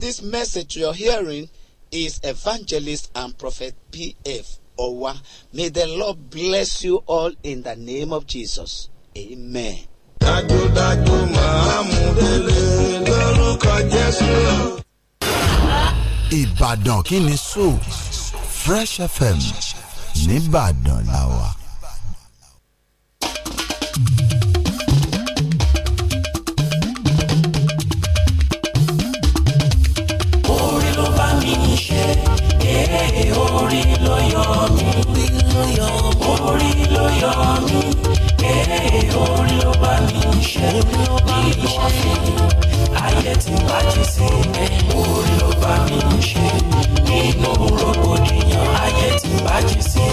This message you're hearing is evangelist and prophet P.F. Owa. May the Lord bless you all in the name of Jesus. Amen. Ìbàdàn kí so Fresh FM nìbàdàn làwà. orí ló yọ mí orí ló yọ mí ee orí ló bá mi ṣe ìlú ọ̀fìn ayé ti bàjẹ́ sí mi orí ló bá mi ṣe inú rògbòdìyàn ayé ti bàjẹ́ sí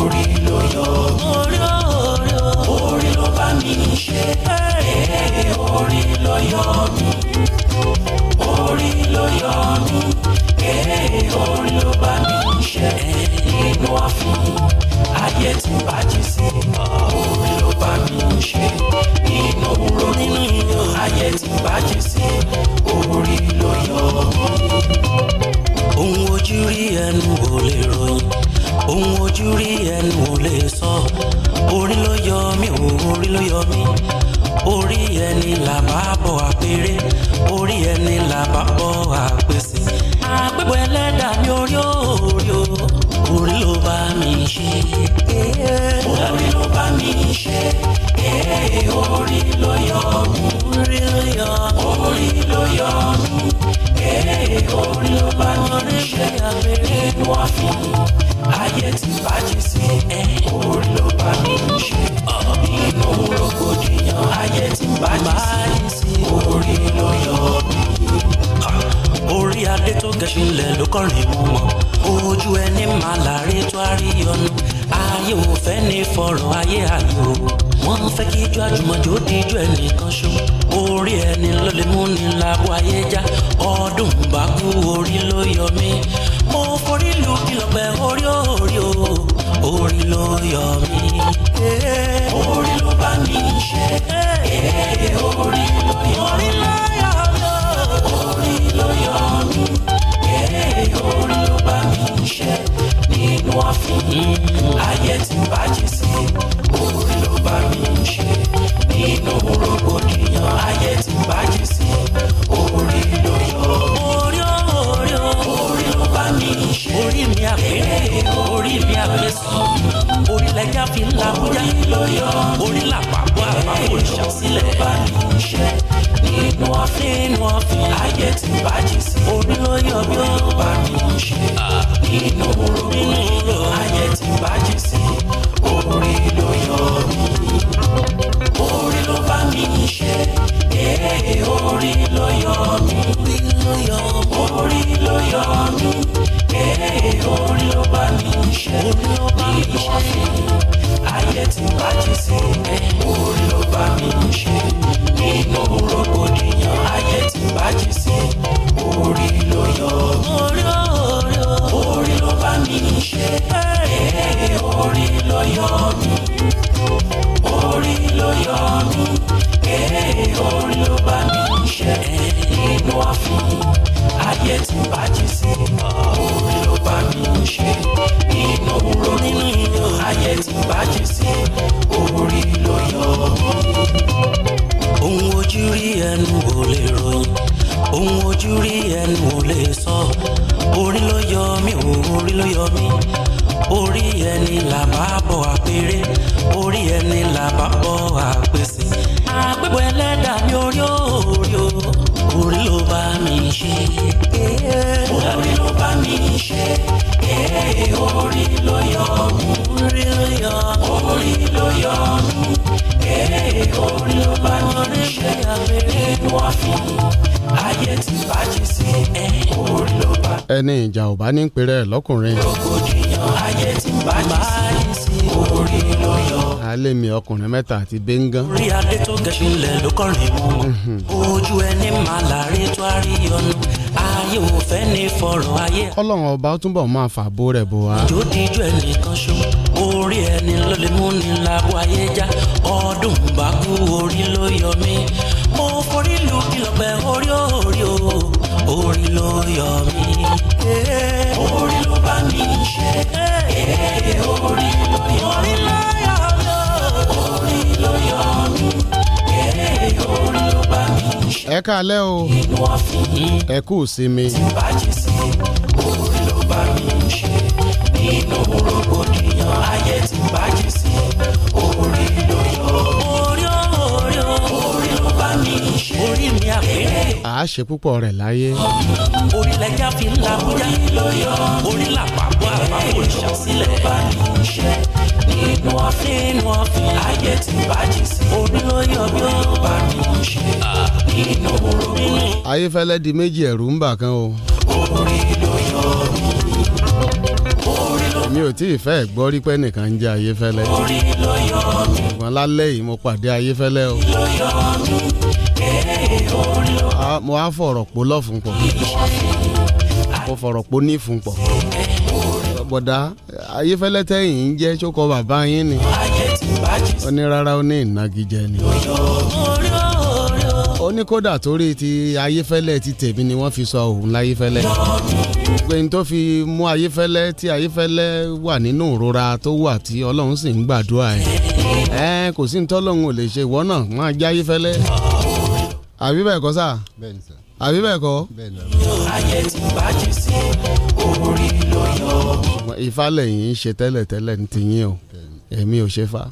orí ló yọ mí orí ló bá mi ṣe ee orí ló yọ mí orí ló yọ mí yé orí ló bá mi ṣe nínú àfihàn ayé tí bàjẹ́ sí orí ló bá mi ṣe nínú òwúrọ̀ nínú ayé tí bàjẹ́ sí orí ló yọ. ohun ojú orí ẹni làbá bọ̀ àpèrè orí ẹni làbá bọ̀ àpèsè àpèpọ̀ ẹlẹ́dàá ní orí òòrí o orí ló bá mi ṣe orí ló bá mi ṣe orí ló yọ orí ló yọ orí ló yọ orí ló bá mi ṣe nínú ọ̀fìn ayé ti bàjẹ́ sí orí ló bá mi. ayé ayò wọ́n fẹ́ kí ijó àjùmọ̀jó díjú ẹnìkan ṣó orí ẹni ló lè mú ni lágbo ayé já ọdún bá kú orí ló yọ mí mo forí lu kìlọ̀pẹ̀ orí orí o orí ló yọ mí orí ló bá mi ṣe orí ló yọ mí orí ló yọ mí orí ló bá mi ṣe nínú àfihàn ayé tí. bóyá fi ń la bóyá orí làpapọ̀ àpapọ̀ ìṣàsílẹ̀ bá ní iṣẹ́ nínú ọ̀fìn nínú ọ̀fìn ayé ti bàjẹ́ sí orí ló yọ bí ó bá ní iṣẹ́ nínú orogún ayé ti bàjẹ́ sí orí ló yọ mí orí ló bá mi níṣẹ́ ee orí ló yọ mí orí ló yọ mí ee orí ló bá mi níṣẹ́ nínú ọ̀fìn ayé ti bájú sí orí ló bá mi ń ṣe nínú rògbòdìyàn ayé ti bájú sí orí eh, ló yọ mí orí eh, ló bá mi ń ṣe orí ló yọ mí orí ló yọ mí orí ló bá mi ń ṣe nínú àfihàn. ní ìjà ò bá ní pèrè lọ́kùnrin. rògbòdìyàn ọkùnrin mẹ́ta àti bẹ́ńgán. orí adé tó gẹ̀ṣin lẹ̀ ló kọrin mu ojú ẹni máa láre tó a rí ọ̀nà ayé ò fẹ́ ní fọ̀rọ̀ ayé. ọlọ́run ọba ó túnbọ̀ máa fàbó rẹ̀ bò wá. ìjó díjú ẹnìkan ṣó orí ẹni ló lè mú ni lábọ́ ayé já ọdún bá kú orí ló yọ mí mo forí lu kìlọ̀ orí òòrì orí ló yọ mí orí ló bá mi ṣe orí ló yọ mí orí ló yọ mí orí ló bá mi ṣe. ẹ káalẹ́ o ẹ kú sinmi. tí ó bá jẹ sí orí ló bá mi ṣe nínú rògbòdìyàn ayé tí bá jẹ sí. a ṣe púpọ̀ rẹ̀ láyé. orílẹ̀-èdè fi ń la bóyá orí làpapọ̀ àpapọ̀ ìṣàsílẹ̀ bá ní iṣẹ́ nínú ọ̀fìn nínú ọ̀fìn ayé ti bàjẹ́ sí orí ló yọ bá ní iṣẹ́ nínú orogún. ayéfẹ́lẹ́ di méjì ẹ̀rù ń bà kan o. orí ló yọ mí mi ò tí ì fẹ́ gbọ́ rí nìkan jẹ́ ayéfẹ́lẹ́. orí lálẹ́ yìí mo pàdé ayéfẹ́lẹ́ o. Ah, mo á fọ̀rọ̀ pò lọ́fun pọ̀ mo fọ̀rọ̀ pò nífun pọ̀ bọ̀dá ayéfẹ́lẹ́ tẹ́yìn ń jẹ́ sókọ bàbá yín ni ó ní rárá ó ní ìnagijẹ ni ó ní kódà torí ti ayéfẹ́lẹ́ ti tèmi ni wọ́n fi sọ òun láyéfẹ́lẹ́ gbẹ̀yìn tó fi mú ayéfẹ́lẹ́ tí ayéfẹ́lẹ́ wà nínú ìrora tó wà tí ọlọ́run sì ń gbàdúrà ẹ̀ ẹ̀ kò sí ní tọ́lọ́run ò lè ṣe ìwọ náà máa jẹ́ ayéfẹ́lẹ́ àbí bẹ́ẹ̀ kọ́ sà àbí bẹ́ẹ̀ kọ́. ayé ti bàjẹ́ sí orí ló yọ. ifá lẹ́yìn ṣe tẹ́lẹ̀ tẹ́lẹ̀ ní ti yín o èmi ò ṣe fa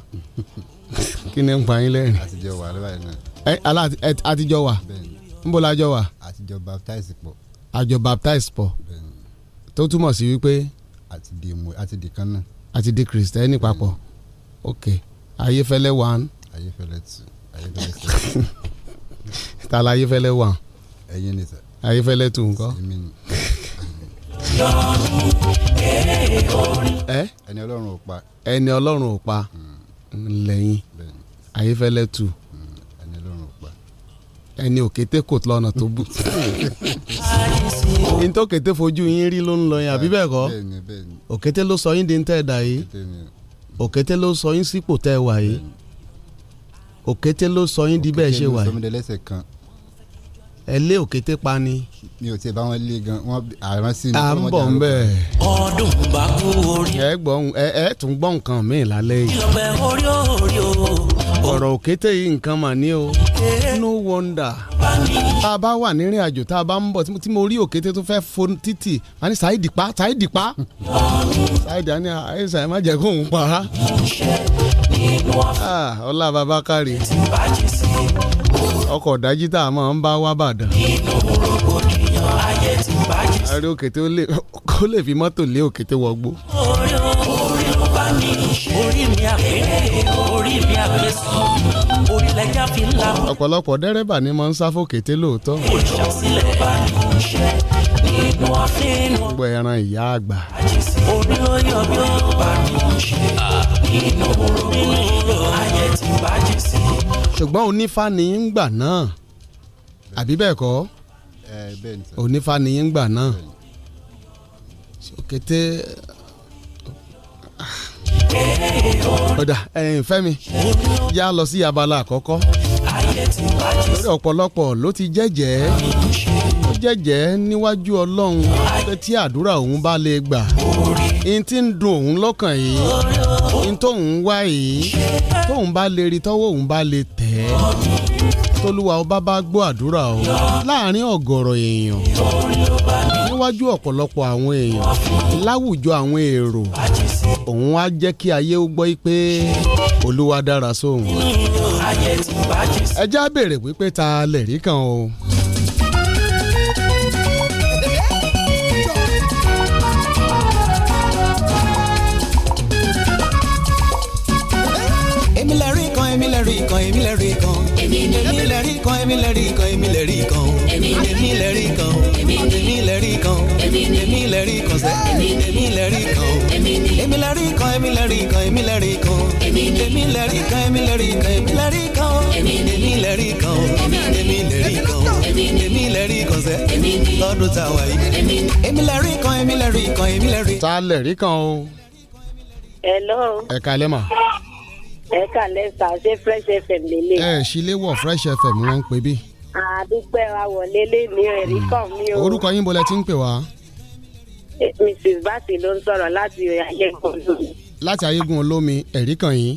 kí ni ń pa yín lẹ́rìn. àtijọ́ wà lọ́wọ́ náà. ẹ alá àtijọ́ wà níbo la jọ wà. àtijọ́ baptize pọ̀. àjọ baptize pọ̀ tó túmọ̀ sí wípé. àti di mo àti di kan náà. àti di kristẹni papọ̀ ok ayéfẹ́lẹ́ one. ayéfẹ́lẹ́ two ayéfẹ́lẹ́ three. ta la ayéfẹ́lẹ́ wà. ẹ̀yin ni sẹ. ayéfẹ́lẹ́ tù nǹkan. ẹni ọlọ́run ò pa. ẹni ọlọ́run ò pa hmm. lẹ́yìn ayéfẹ́lẹ́ tù hmm. ẹni òkété kò lọ́nà tó bù. ní tó kété fojú yín rí ló ń lọ yẹn àbí bẹ́ẹ̀ kọ́ òkété ló sọ yín di ń tẹ́ ẹ̀dá yìí òkété ló sọ yín sípò tẹ́ wà yìí òkété ló sọ yín di bẹ́ẹ̀ ṣe wà yìí ẹ lé òkété pa ni. mi ò tiẹ̀ bá wọn lé gan wọn àrùn sí ni. à ń bọ̀ ń bẹ̀. ọdún bá kú orí. ẹ gbọ́ ẹ ẹ tún gbọ́ nǹkan mi lálẹ́ yìí. ìlọ̀pẹ̀ orí orí o. ọ̀rọ̀ òkété yìí nǹkan mà ní o. no wonder. tá a bá wà nírìn àjò tá a bá ń bọ̀ tí mo rí òkété tó fẹ́ fo títì a ní Saheed pa Saheed pa. Saheed a ní àìsàn ẹ má jẹ́ kó òun para. Ah, ọlá babakari. tí bá jì sí i ọkọ̀ ìdájí tá a máa ń bá wá bàdàn. nínú rògbòdìyàn ayé ti bàjẹ́. àrí òkè tó lè kó lè fi mọ́tò lé òkè tó wọgbó. orí orí ló bá mi orí mi àgbẹ̀ orí mi àgbẹ̀ sọ orí lẹ́jà fi ń la. ọ̀pọ̀lọpọ̀ dẹ́rẹ́bà ni mo ń sá fòkè tẹ́ lóòótọ́. kò ṣàṣìlẹ̀ bá mi ṣe nínú àfihàn. gbogbo ẹran ìyá àgbà. orí ló yọ bí ó bá mi ṣe nínú rògbòdìyàn ayé ti bàjẹ́ sí i ṣùgbọ́n onífá ni ń gbà náà àbí bẹ́ẹ̀ kọ́ onífá ni ń gbà náà òkété ah. ọ̀dà ẹ̀yìn fẹ́mi yá lọ sí abala àkọ́kọ́ lórí ọ̀pọ̀lọpọ̀ ló ti jẹ́jẹ́ ó jẹ́jẹ́ níwájú ọlọ́run pé tí àdúrà òun bá lè gbà ní ti ń dùn òun lọ́kàn yìí n tóun wá yìí tóun bá lè rí tọ́wọ́ òun bá lè tẹ̀ ẹ́ tolúwa ọba bá gbọ́ àdúrà o láàrin ọ̀gọ̀rọ̀ èèyàn níwájú ọ̀pọ̀lọpọ̀ àwọn èèyàn láwùjọ àwọn èrò òun á jẹ́ kí ayé gbọ́ pé olúwa dára sóhun ẹ já béèrè wípé ta lè kan o. èmi lè rí kan èmi lè rí kan èmi lè rí kan èmi lè rí kan èmi lè rí kan èmi lè rí kan èmi lè rí kan èmi lè rí kan èmi lè rí kan sẹ èmi lè rí kan èmi lè rí kan èmi lè rí kan èmi lè rí kan èmi lè rí kan èmi lè rí kan èmi lè rí kan èmi lè rí kan èmi lè rí kan èmi lè rí kan sẹ lọ́dún tá a wà yìí èmi lè rí kan èmi lè rí kan èmi lè rí. ta lè rí kan o. ẹ lọ́rùn. ẹ̀ka lẹ́mọ̀ ẹ kà lẹ́sà ṣé fresh fm lélẹ̀. ẹ ṣílé wọ fresh fm wọn ń pè bí. àdúpẹ́ wa wọlé lé ní ẹ̀rí kan mi o. Hmm. orúkọ yín bolẹ ti ń pè wá. mrs basi ló ń sọ̀rọ̀ láti ayégun olómi. láti ayégun olómi ẹ̀rí kan yín.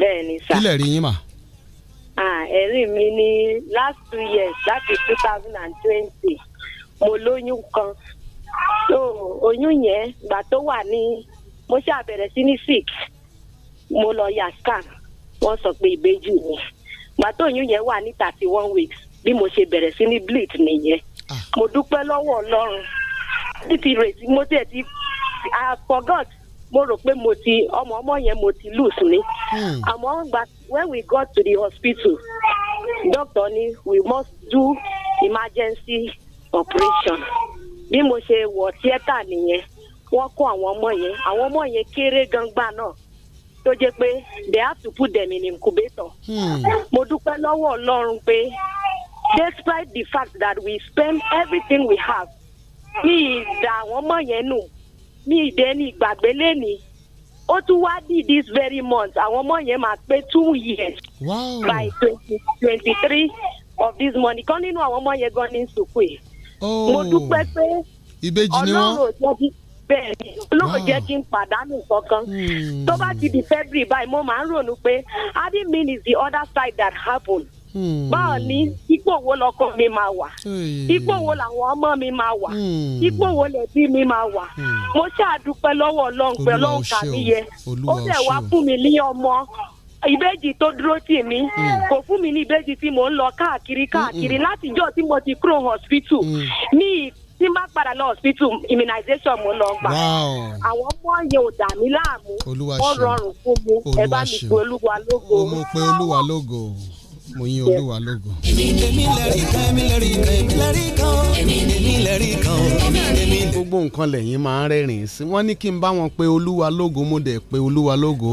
bẹ́ẹ̀ ni sà. kílẹ̀ rí yín mà. ẹ̀rí mi ni last two years láti two thousand and twenty mo lóyún kan so oyún yẹn gbà tó wà ní mo ṣàbẹ̀rẹ̀ sí ní sick mo lọ ya scan wọ́n sọ pé ìbejì ni gbàtó yẹn wà ní thirty one weeks bí mo ṣe bẹ̀rẹ̀ sí ní bleed nìyẹn ah. mo dúpẹ́ lọ́wọ́ ọlọ́run títí rètí mo tiẹ̀ ti i forgot mo rò pé mo ti ọmọ ọmọ yẹn mo ti lose ni hmm. àmọ́ gba when we got to the hospital doctor ni we must do emergency operation bí mo ṣe wọ tíẹ́tà nìyẹn wọ́n kó àwọn ọmọ yẹn àwọn ọmọ yẹn kéré gangba náà tó jẹ́ pé they have to put them in incubator. Hmm. mo dúpẹ́ lọ́wọ́ ọlọ́run pé despite the fact that we spend everything we have mi ìdá àwọn ọmọ yẹn nù mi ìdẹ ní ìgbàgbé lẹ́nìí ó tún wá di this very month àwọn ọmọ yẹn máa pé two years wow. by twenty twenty three of this month kan nínú àwọn ọmọ yẹn gan ní sùkúù yìí mo dúpẹ́ pé ọlọ́run ò jẹ́ bẹ́ẹ̀ ni olóò jẹ́ ah. kí n pàdánù kankan hmm. tó bá ti di February báyìí mo máa ń ronú pé having mean is the other side that happen hmm. báwo ni ipò wo lọkọ mi máa wà hmm. ipò wo làwọn ọmọ mi máa wà ipò wo lẹbí mi máa wà mo ṣàdúpẹ́ lọ́wọ́ Ọlọ́run pé Ọlọ́run kà mí yẹ ó dẹ̀ wá fún mi ní ọmọ ìbejì tó dúró tì mí kò fún mi ní ìbejì tí mò ń lọ káàkiri káàkiri látijọ́ tí mo ti kúrò hospital ní tí n bá padà lọ hospital immunization mo lọ gbà àwọn ọmọ yẹn ò dà mí láàmú ó rọrùn fún mi ẹ bá mi pe olúwa lógo. o mo pe olúwa lógo mo yìn olúwa lógo. gbogbo nǹkan lẹ́yìn máa ń rẹ́rìn sí wọ́n ní kí n bá wọn pe olúwa lógo mo dẹ̀ pe olúwa lógo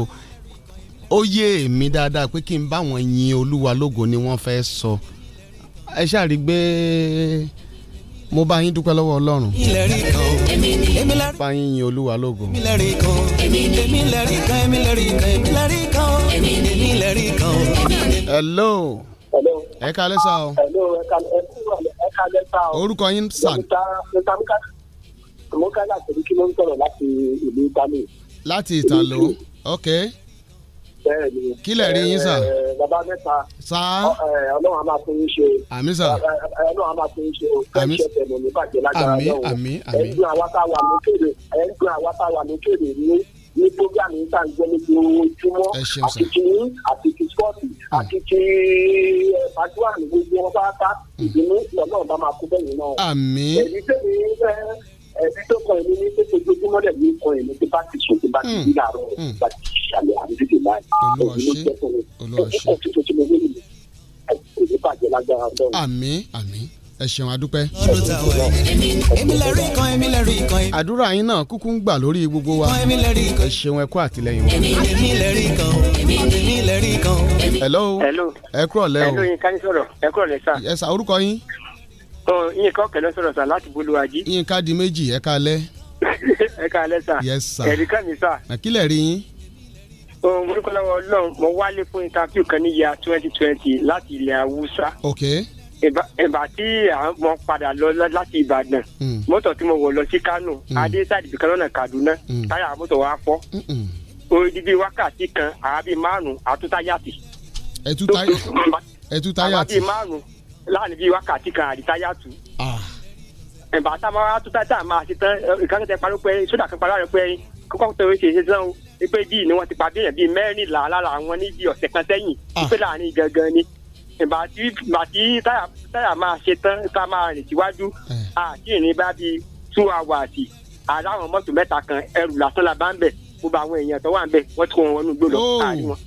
ó yé èmi dáadáa pé kí n bá wọn yìn olúwa lógo ni wọ́n fẹ́ sọ ẹ ṣáà rí gbé. So mo bá yín dúpẹ́ lọ́wọ́ ọlọ́run. bá yin olúwa lógo. hello. ẹ kálẹ́ sá o. orúkọ yín sà. mo ká láti rí láti ìlú Italy. láti Italo ok bẹ́ẹ̀ ni. kílẹ̀ rí yín sà. Eh, eh, bàbá mẹ́ta. sà. Eh, ọlọ́run a máa fún yín ṣe. àmín sà. ọlọ́run a máa fún yín ṣe o. àmín ṣẹ̀tẹ̀mù ní bàjẹ́ lágbára lọ́wọ́. àmín àmín. ẹ̀ ń gbọ́n àwa wà lókèrè ẹ̀ ń gbọ́n àwa wà lókèrè ní ní programme yìí tá à ń gbọ́ ní ojoojúmọ́ àti ti àti ti spọ́ọ̀tì mm. àti ti fàdúrà ní gbogbo pátá mm. ìdùnnú lọ́nà ẹbí tó kàn mí ní pé ojoojúmọ́ dẹ̀ mí kàn mí tí bá ti sùn tí bá ti hmm. rí hmm. làárọ̀ bá ti ṣàlẹ̀ àdúgbò láì èyí ló jẹ́ fún mi ẹ̀kọ́ tuntun tí mo ní nìyí kò ní bàjẹ́ lágbára lọ́wọ́. àmín àmín ẹ ṣeun adúpẹ́. àdúrà yín náà kúkú ń gbà lórí gbogbo wa ẹ ṣeun ẹ kú wa. hello ẹ kúrọ̀lẹ́ o ẹ kúrọ̀lẹ́ sà. ẹ sà orúkọ yín nǹkan kẹlẹ sọ̀rọ̀ sà láti bolúwàjí. yín ká di méjì ẹ ká lẹ. ẹ ká lẹ sà. yes sà. ẹ̀rí kan mi sà. àkílẹ̀ rí yín. ohun orúkọ lọ́wọ́ ọlọ́run mo wálé fún interview kan ní ya twenty twenty láti ilẹ̀ haúsá. ok. ìgbà tí mo padà lọ láti ìbàdàn mọ́tò tí mo wọ̀ lọ sí kánò adéṣáàdì kan lọ́nà kaduna táyà mọ́tò wa fọ́ odidi wákàtí kan àbí márùn-ún àtúntayàtì. ẹ̀tútayàtì. àbí márùn-ún láàrin bíi wákàtí kan àrítáyà tù. ìgbà ah. táwọn ará tó tátà máa ṣe tán eh, ìkànnì tẹ parí pé sódà kan parí pé kókó tó ṣe ṣe tán o pé bíi ni wọ́n ti pàdé yẹn bíi mẹ́rìnlá lára àwọn níbi ọ̀sẹ̀ kan sẹ́yìn pé ah. láàrin gangan ni ìgbà tí ìgbà tí táyà máa ṣe tán tá máa rìn síwájú àti eh. ìrìn bá bíi two hours àláwọn mọ́tò mẹ́ta kan ẹrù lásán la bá ń bẹ̀ gbogbo àwọn èèyàn tó wà ń bẹ̀ wọ́n ti kó wọn wọnú gbó lọ oh. wọn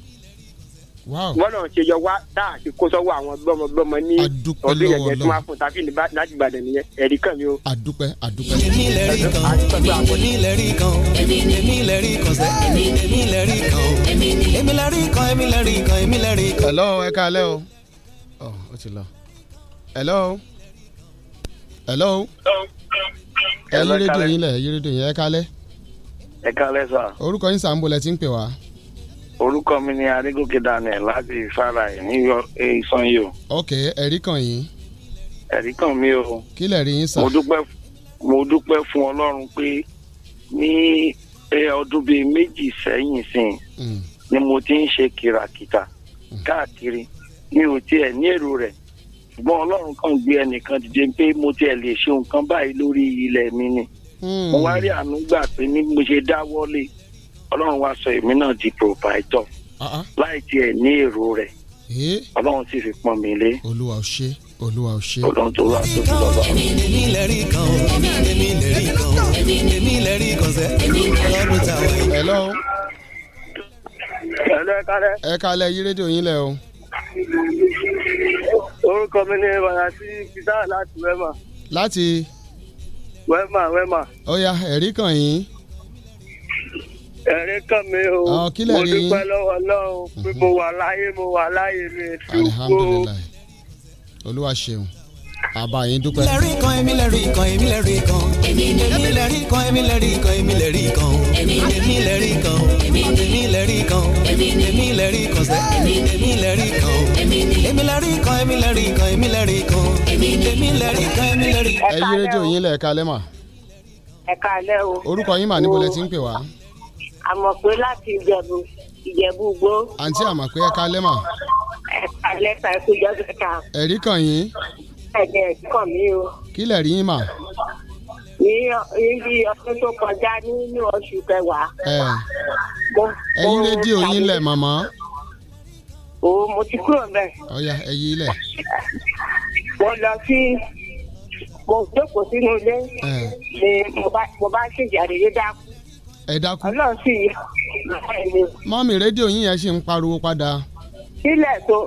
wọn náà ṣe yọ wá tá a ṣe kó sọ́wọ́ àwọn gbọ́mọgbọ́mọ ní ọdún yẹn yẹn tí wọ́n á fún tàbí láti Ìbàdàn nìyẹn ẹ̀rí kan mi o. àdúpẹ́ àdúpẹ́. èmi lè kan èmi lè kan èmi lè kan èmi lè kan èmi lè kan èmi lè kan èmi lè kan. hello ẹ káalẹ́ o ọ oh, ó ti lọ hello hello ẹ yí rédíò yín lẹ yí rédíò yín ẹ káalẹ́. ẹ káalẹ́ sà. orúkọ yín sàǹbọ̀lẹ̀ ti ń pè wá orúkọ mi ni arígòkè daniel láti ìfara ẹ̀ ní ìsan yìí o. ok ẹ̀rí kan yìí. ẹ̀rí kan mi o. kí lè rí yín sá. mo dúpẹ́ mo dúpẹ́ fún ọlọ́run pé ní ọdún bíi méjì sẹ́yìn sìn hmm. ni mo ti ń ṣe kìràkìtà hmm. káàkiri mi ò tiẹ̀ ní èrò rẹ̀ ṣùgbọ́n ọlọ́run kan gbé ẹnìkan dìde pé mo tiẹ̀ lè ṣe nǹkan báyìí lórí ilẹ̀ mi ni. Hmm. mo wá rí àánú gbà pé ní mo ṣe dáwọ́lé ọlọ́run wá sọ èmi náà di provider uh-huh. láì tiẹ̀ ní èrò rẹ̀ eh? ọlọ́run sì fi pọ́n mi lé. olúwa ò ṣe olúwa ò ṣe. ọlọ́run tó wà tó fi lọ́wọ́. èmi lè rí kan o èmi lè rí kan o èmi lè rí kan sẹ́ ọlọ́run ta wá. hello. hello ẹ kálẹ́. ẹ kálẹ́ yí rédíò yín lẹ̀ o. orúkọ mi ni bàràtí peter láti wema. láti. wema wema. ó yá ẹ̀rí kan yín ẹ̀rí kàn mí o mo dúpẹ́ lọ́wọ́ lọ́wọ́ pé mo wà láyé mo wà láyé mi dúpọ̀. olúwa ṣeun àbá yín dúpẹ́. èmi lè rí kan èmi lè rí kan èmi lè rí kan èmi lè rí kan èmi lè rí kan èmi lè rí kan èmi lè rí kan èmi lè rí kan èmi lè rí kan sẹ́ èmi lè rí kan èmi lè rí kan èmi lè rí kan èmi lè rí kan èmi lè rí kan èmi lè rí kan. ẹ yí rédíò yín lẹ̀ ẹ̀ka lẹ́mà. ẹ̀ka lẹ́ o. orúkọ yín mà níbo lẹ ti ń pè wá àmọ̀pé láti ìjẹ̀bù ìjẹ̀bù gbó. àǹtí àmọ̀pé ẹ kalẹ́ mà. ẹ kalẹ́ ta ẹ kú jọ́sẹ̀ ká. ẹ̀rí kàn yín. ẹ̀jẹ̀ ẹ̀rí kàn mí o. kí lẹ̀ rí yín mà. níbi ọdún tó kọjá nínú oṣù kẹwàá. ẹ̀yin rédíò yín lẹ̀ màmá. o mo ti kúrò bẹ́ẹ̀. ọ̀ya ẹ̀yin ilẹ̀. mo lọ sí mo jókòó sínú ilé ni mo bá ṣèjà dédé dákú ẹ dákun. ọlọ́run sì mọ́mì rédíò yín yẹn ṣì ń pariwo padà. kílẹ̀ tó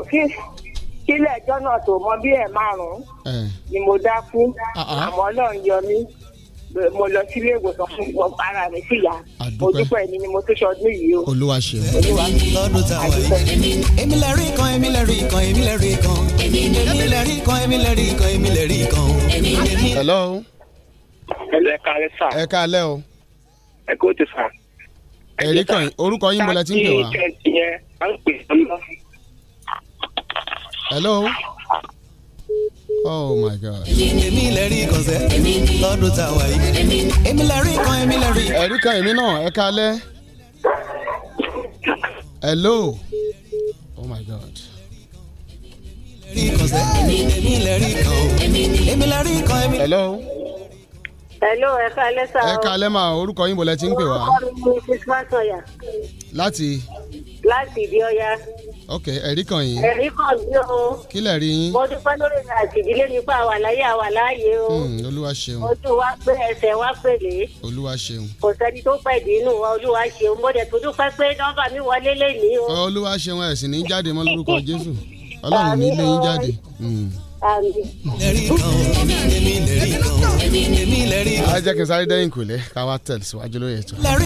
kílẹ̀ ẹjọ́ náà tó mọ bí ẹ̀ márùn-ún ni mo dákú ah, ah. àmọ́ ọlọ́run yọ mí mo lọ sílé ìwòsàn fún ìwọ̀n ara mi sì yá mo dúpẹ́ ẹni ni mo tó ṣọdún yìí o. olúwa ṣe é. olúwa lọ́dún tá a wà yìí. èmi lè rí kan èmi lè rí kan èmi lè rí kan èmi lè rí kan èmi lè rí kan èmi lè rí kan. hello. ẹ káalẹ́ sà. ẹ káalẹ́ o ẹ kó ti fà. ẹ̀rí kan orúkọ yín bọ̀lẹ̀ tí ń pè wá. hello. Oh my God. Èmi lè rí ikàn lọ́dún tá a wà yìí. Èmi lè rí ikàn, èmi lè rí. Ẹ̀rí kan èmi náà, ẹ kalẹ́. Hello. Oh my God hello hello ẹ káalẹ́ sá o. ẹ káalẹ́ ma orúkọ yín bọ̀lẹ́ tí ń pè wá. láti. láti ìdí ọ̀yà. ok ẹ̀rí kan yín. ẹ̀rí kan yín o. kí lẹ̀ rí yín. mo dúpẹ́ lórí mi àti ìdílé mi pa àwa láyé àwa láàyè o. Hmm, olúwa ṣeun. ojú wa pé ẹsẹ̀ wa pèlè. olúwa ṣeun. kò sẹ́ni tó pẹ̀ dínú wa olúwa ṣeun mo dẹ̀ tó dúpẹ́ pé nọ́mbà mi wọlé lé ní o. olúwa ṣeun ẹ̀sìn ní jáde mọ́ lórúkọ jésù ọlọ́run ní ilé jáde. Hmm ta mi. a jẹ́ kí n sáré dẹ́yìn kò lẹ́ ká wá tẹ̀síwájú lóye tó. lẹ́rí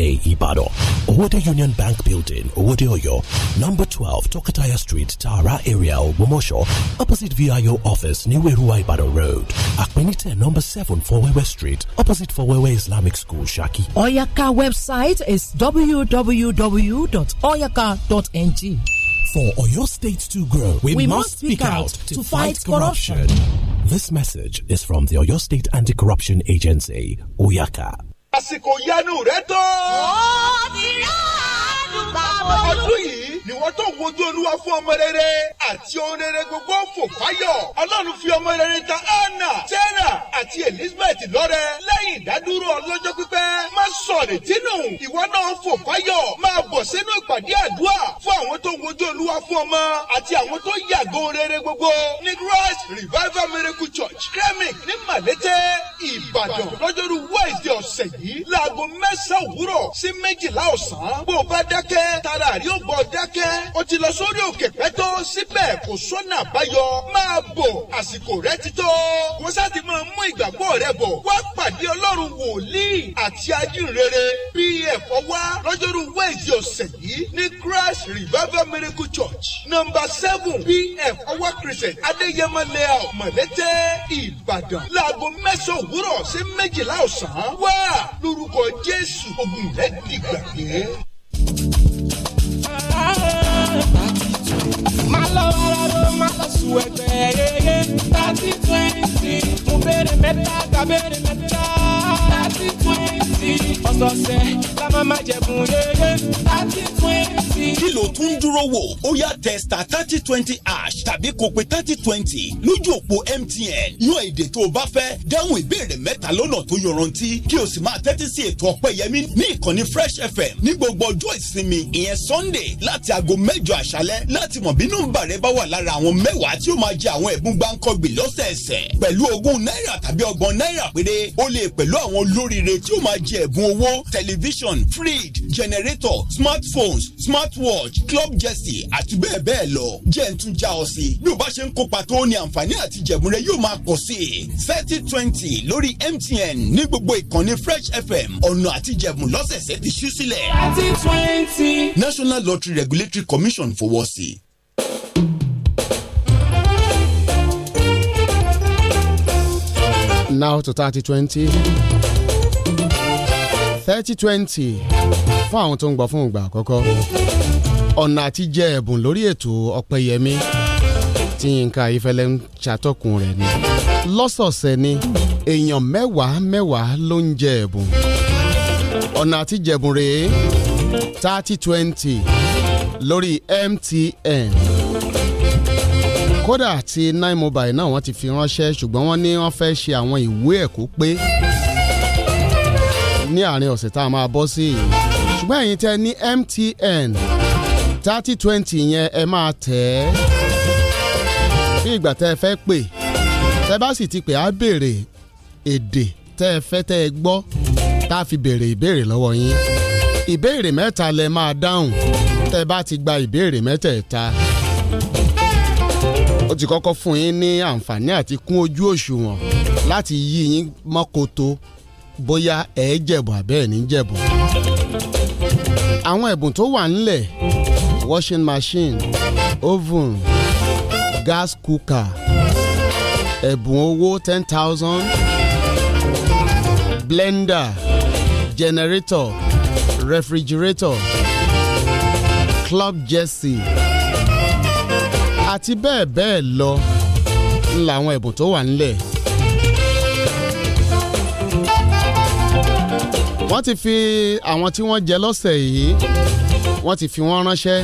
A, Ibadan. Owode Union Bank Building, Owode Oyo, number 12, Tokataya Street, Tara area, Ogumosho, opposite VIO office, Niwerua Ibadan Road. Akpenite, number 7, Fowewe Street, opposite Fowewe Islamic School, Shaki. Oyaka website is www.oyaka.ng. For Oyo State to grow, we, we must speak out to, to fight, fight corruption. corruption. This message is from the Oyo State Anti Corruption Agency, Oyaka. àsìkò yanu rẹ tó. ó ti rà ọdún yìí ni wọ́n tó wojú olúwa fún ọmọ rere àti ohun rere gbogbo fò fáyọ̀ ọlọ́run fi ọmọ rere ta anna sarah àti elizabeth lọ́rẹ lẹ́yìn ìdádúró ọlọ́jọ́ pípẹ́ má sọ̀rètí nù ìwọ náà fò fáyọ̀ máa bọ̀ sínú ìpàdé àdúrà fún àwọn tó wojú olúwa fún ọmọ àti àwọn tó yàgò rere gbogbo ní christ revival miracle church kremik ní malete ìbàdàn lọ́jọ́rú wẹ́ẹ̀dẹ̀ ọ̀sẹ̀ yìí láago mẹ́sàn-án òwúrọ̀ sí méjìlá ọ̀sán bó bá dá dákẹ́ tara àrí ò gbọ́ dákẹ́ o ti lọ sórí òkè pẹ́tọ́ síbẹ̀ kò sọ́nà àbáyọ máa bọ̀ àsìkò rẹ ti tó kó sáti máa mú ìgbàgbọ́ rẹ bọ̀ wá pàdé ọlọ́run wòlíì àti ajínrere bí ẹ̀kọ́ wá lọ́jọ́rú wẹ́ẹ̀sì ọ̀sẹ̀ yìí ní Christ Revival Miracle Church number seven bí ẹ̀kọ́ wá Christian Adéyẹmọ layout Mọ̀lẹ́tẹ̀ Ìbàdàn láago mẹ́sàn òwúrọ̀ sí méjìlá ọ̀sán wá lórúkọ Jésù ogun rẹ̀ dìgbà yẹn. Má lọ wàrà ló má lọ sùn ẹgbẹ́ yeye. mẹ́ta gba mẹ́ta. Thirty twenty, ọ̀sọ̀ọ̀sẹ̀ la máa má jẹ̀bùn yeye. kí ló tún ń dúró wò ó yá testa thirty twenty ash tàbí kope pe thirty twenty lójú òpó MTN yan èdè tó o bá fẹ́ dáhùn ìbéèrè mẹ́ta lọ́nà tó yọrantí kí o sì máa tẹ́tí sí ètò ọpẹ́yẹmí ní ìkànnì Fresh FM ní gbogbo ọjọ́ ìsinmi ìyẹn Sunday láti aago mẹ́jọ àṣálẹ́ láti mọ̀ bí nọ́mbà rẹ bá wà lára àwọn mẹ́wàá tí ó máa jẹ àwọn ẹ̀bùn gbáǹkọ́gbì lọ́sẹ̀ẹsẹ̀ pẹ̀lú ogún náírà tàbí ọgbọ̀n náírà péré ó lè pẹ̀lú àwọn olóríire tí ó máa jẹ ẹ̀bùn owó fridge generator smartphones smartwatch watch club jersey àti bẹ́ẹ̀ bẹ́ẹ̀ lọ jẹ́ ń tún já ọ sí bí o bá ṣe ń kópa tó ní àǹfààní àti jẹ̀bùn yóò máa pọ̀ sí thirty twenty lórí MTN ní gbogbo ìkànnì Fresh FM ọ̀nà àti jẹ̀bùn lọ́sẹ̀ẹ̀sẹ̀ ti ṣú sílẹ̀. thirty twenty. National Lottery Regulatory Commission fọwọ́ sí now to thirty twenty thirty twenty fún àwọn tó ń gbọ́ fún ìgbà àkọ́kọ́ ọ̀nà àti jẹ ẹ̀bùn lórí ètò ọ̀pẹ̀yẹmí tí Yínká Ayéfẹ́lẹ́ ń ṣàtọ́kùn rẹ̀ ni lọ́sọ̀ọ̀sẹ̀ ni èèyàn mẹ́wàá mẹ́wàá ló ń jẹ ẹ̀bùn ọ̀nà àti jẹ̀bùn rèé thirty twenty lórí MTN kódà ti nine mobile náà wọ́n ti fi ránṣẹ́ ṣùgbọ́n wọ́n ní wọ́n fẹ́ ṣe àwọn ìwé ẹ̀kọ́ pé ní àárín ọ̀sẹ̀ tá a máa bọ́ sí ṣùgbọ́n ẹ̀yin tẹ́ ní MTN thirty twenty yẹn ẹ máa tẹ̀ ẹ́ bí ìgbà tẹ́ ẹ fẹ́ pè tẹ́ bá sì ti pè á béèrè èdè tẹ́ ẹ fẹ́ tẹ́ ẹ gbọ́ tá a fi béèrè ìbéèrè lọ́wọ́ yín ìbéèrè mẹ́ta lẹ máa dáhùn tẹ́ bá ti gba ìbéèrè mẹ́tẹ̀ẹ̀ta ó ti kọ́kọ́ fún yín ní àǹfààní àti kún ojú òṣùwọ̀n láti yí yín mọ́koto bóyá ẹ̀ jẹ̀bù àbẹ́ẹ̀ ní jẹ̀bù àwọn ẹ̀bùn tó wà ńlẹ̀ washing machine oven gas cooker ẹ̀bùn owó ten thousand blender generator refrigerator club jersey àti bẹ́ẹ̀ bẹ́ẹ̀ lọ ńlá àwọn ẹ̀bùn tó wà ńlẹ̀. wọ́n ti fi àwọn tí wọ́n jẹ lọ́sẹ̀ yìí wọ́n ti fi wọ́n ránṣẹ́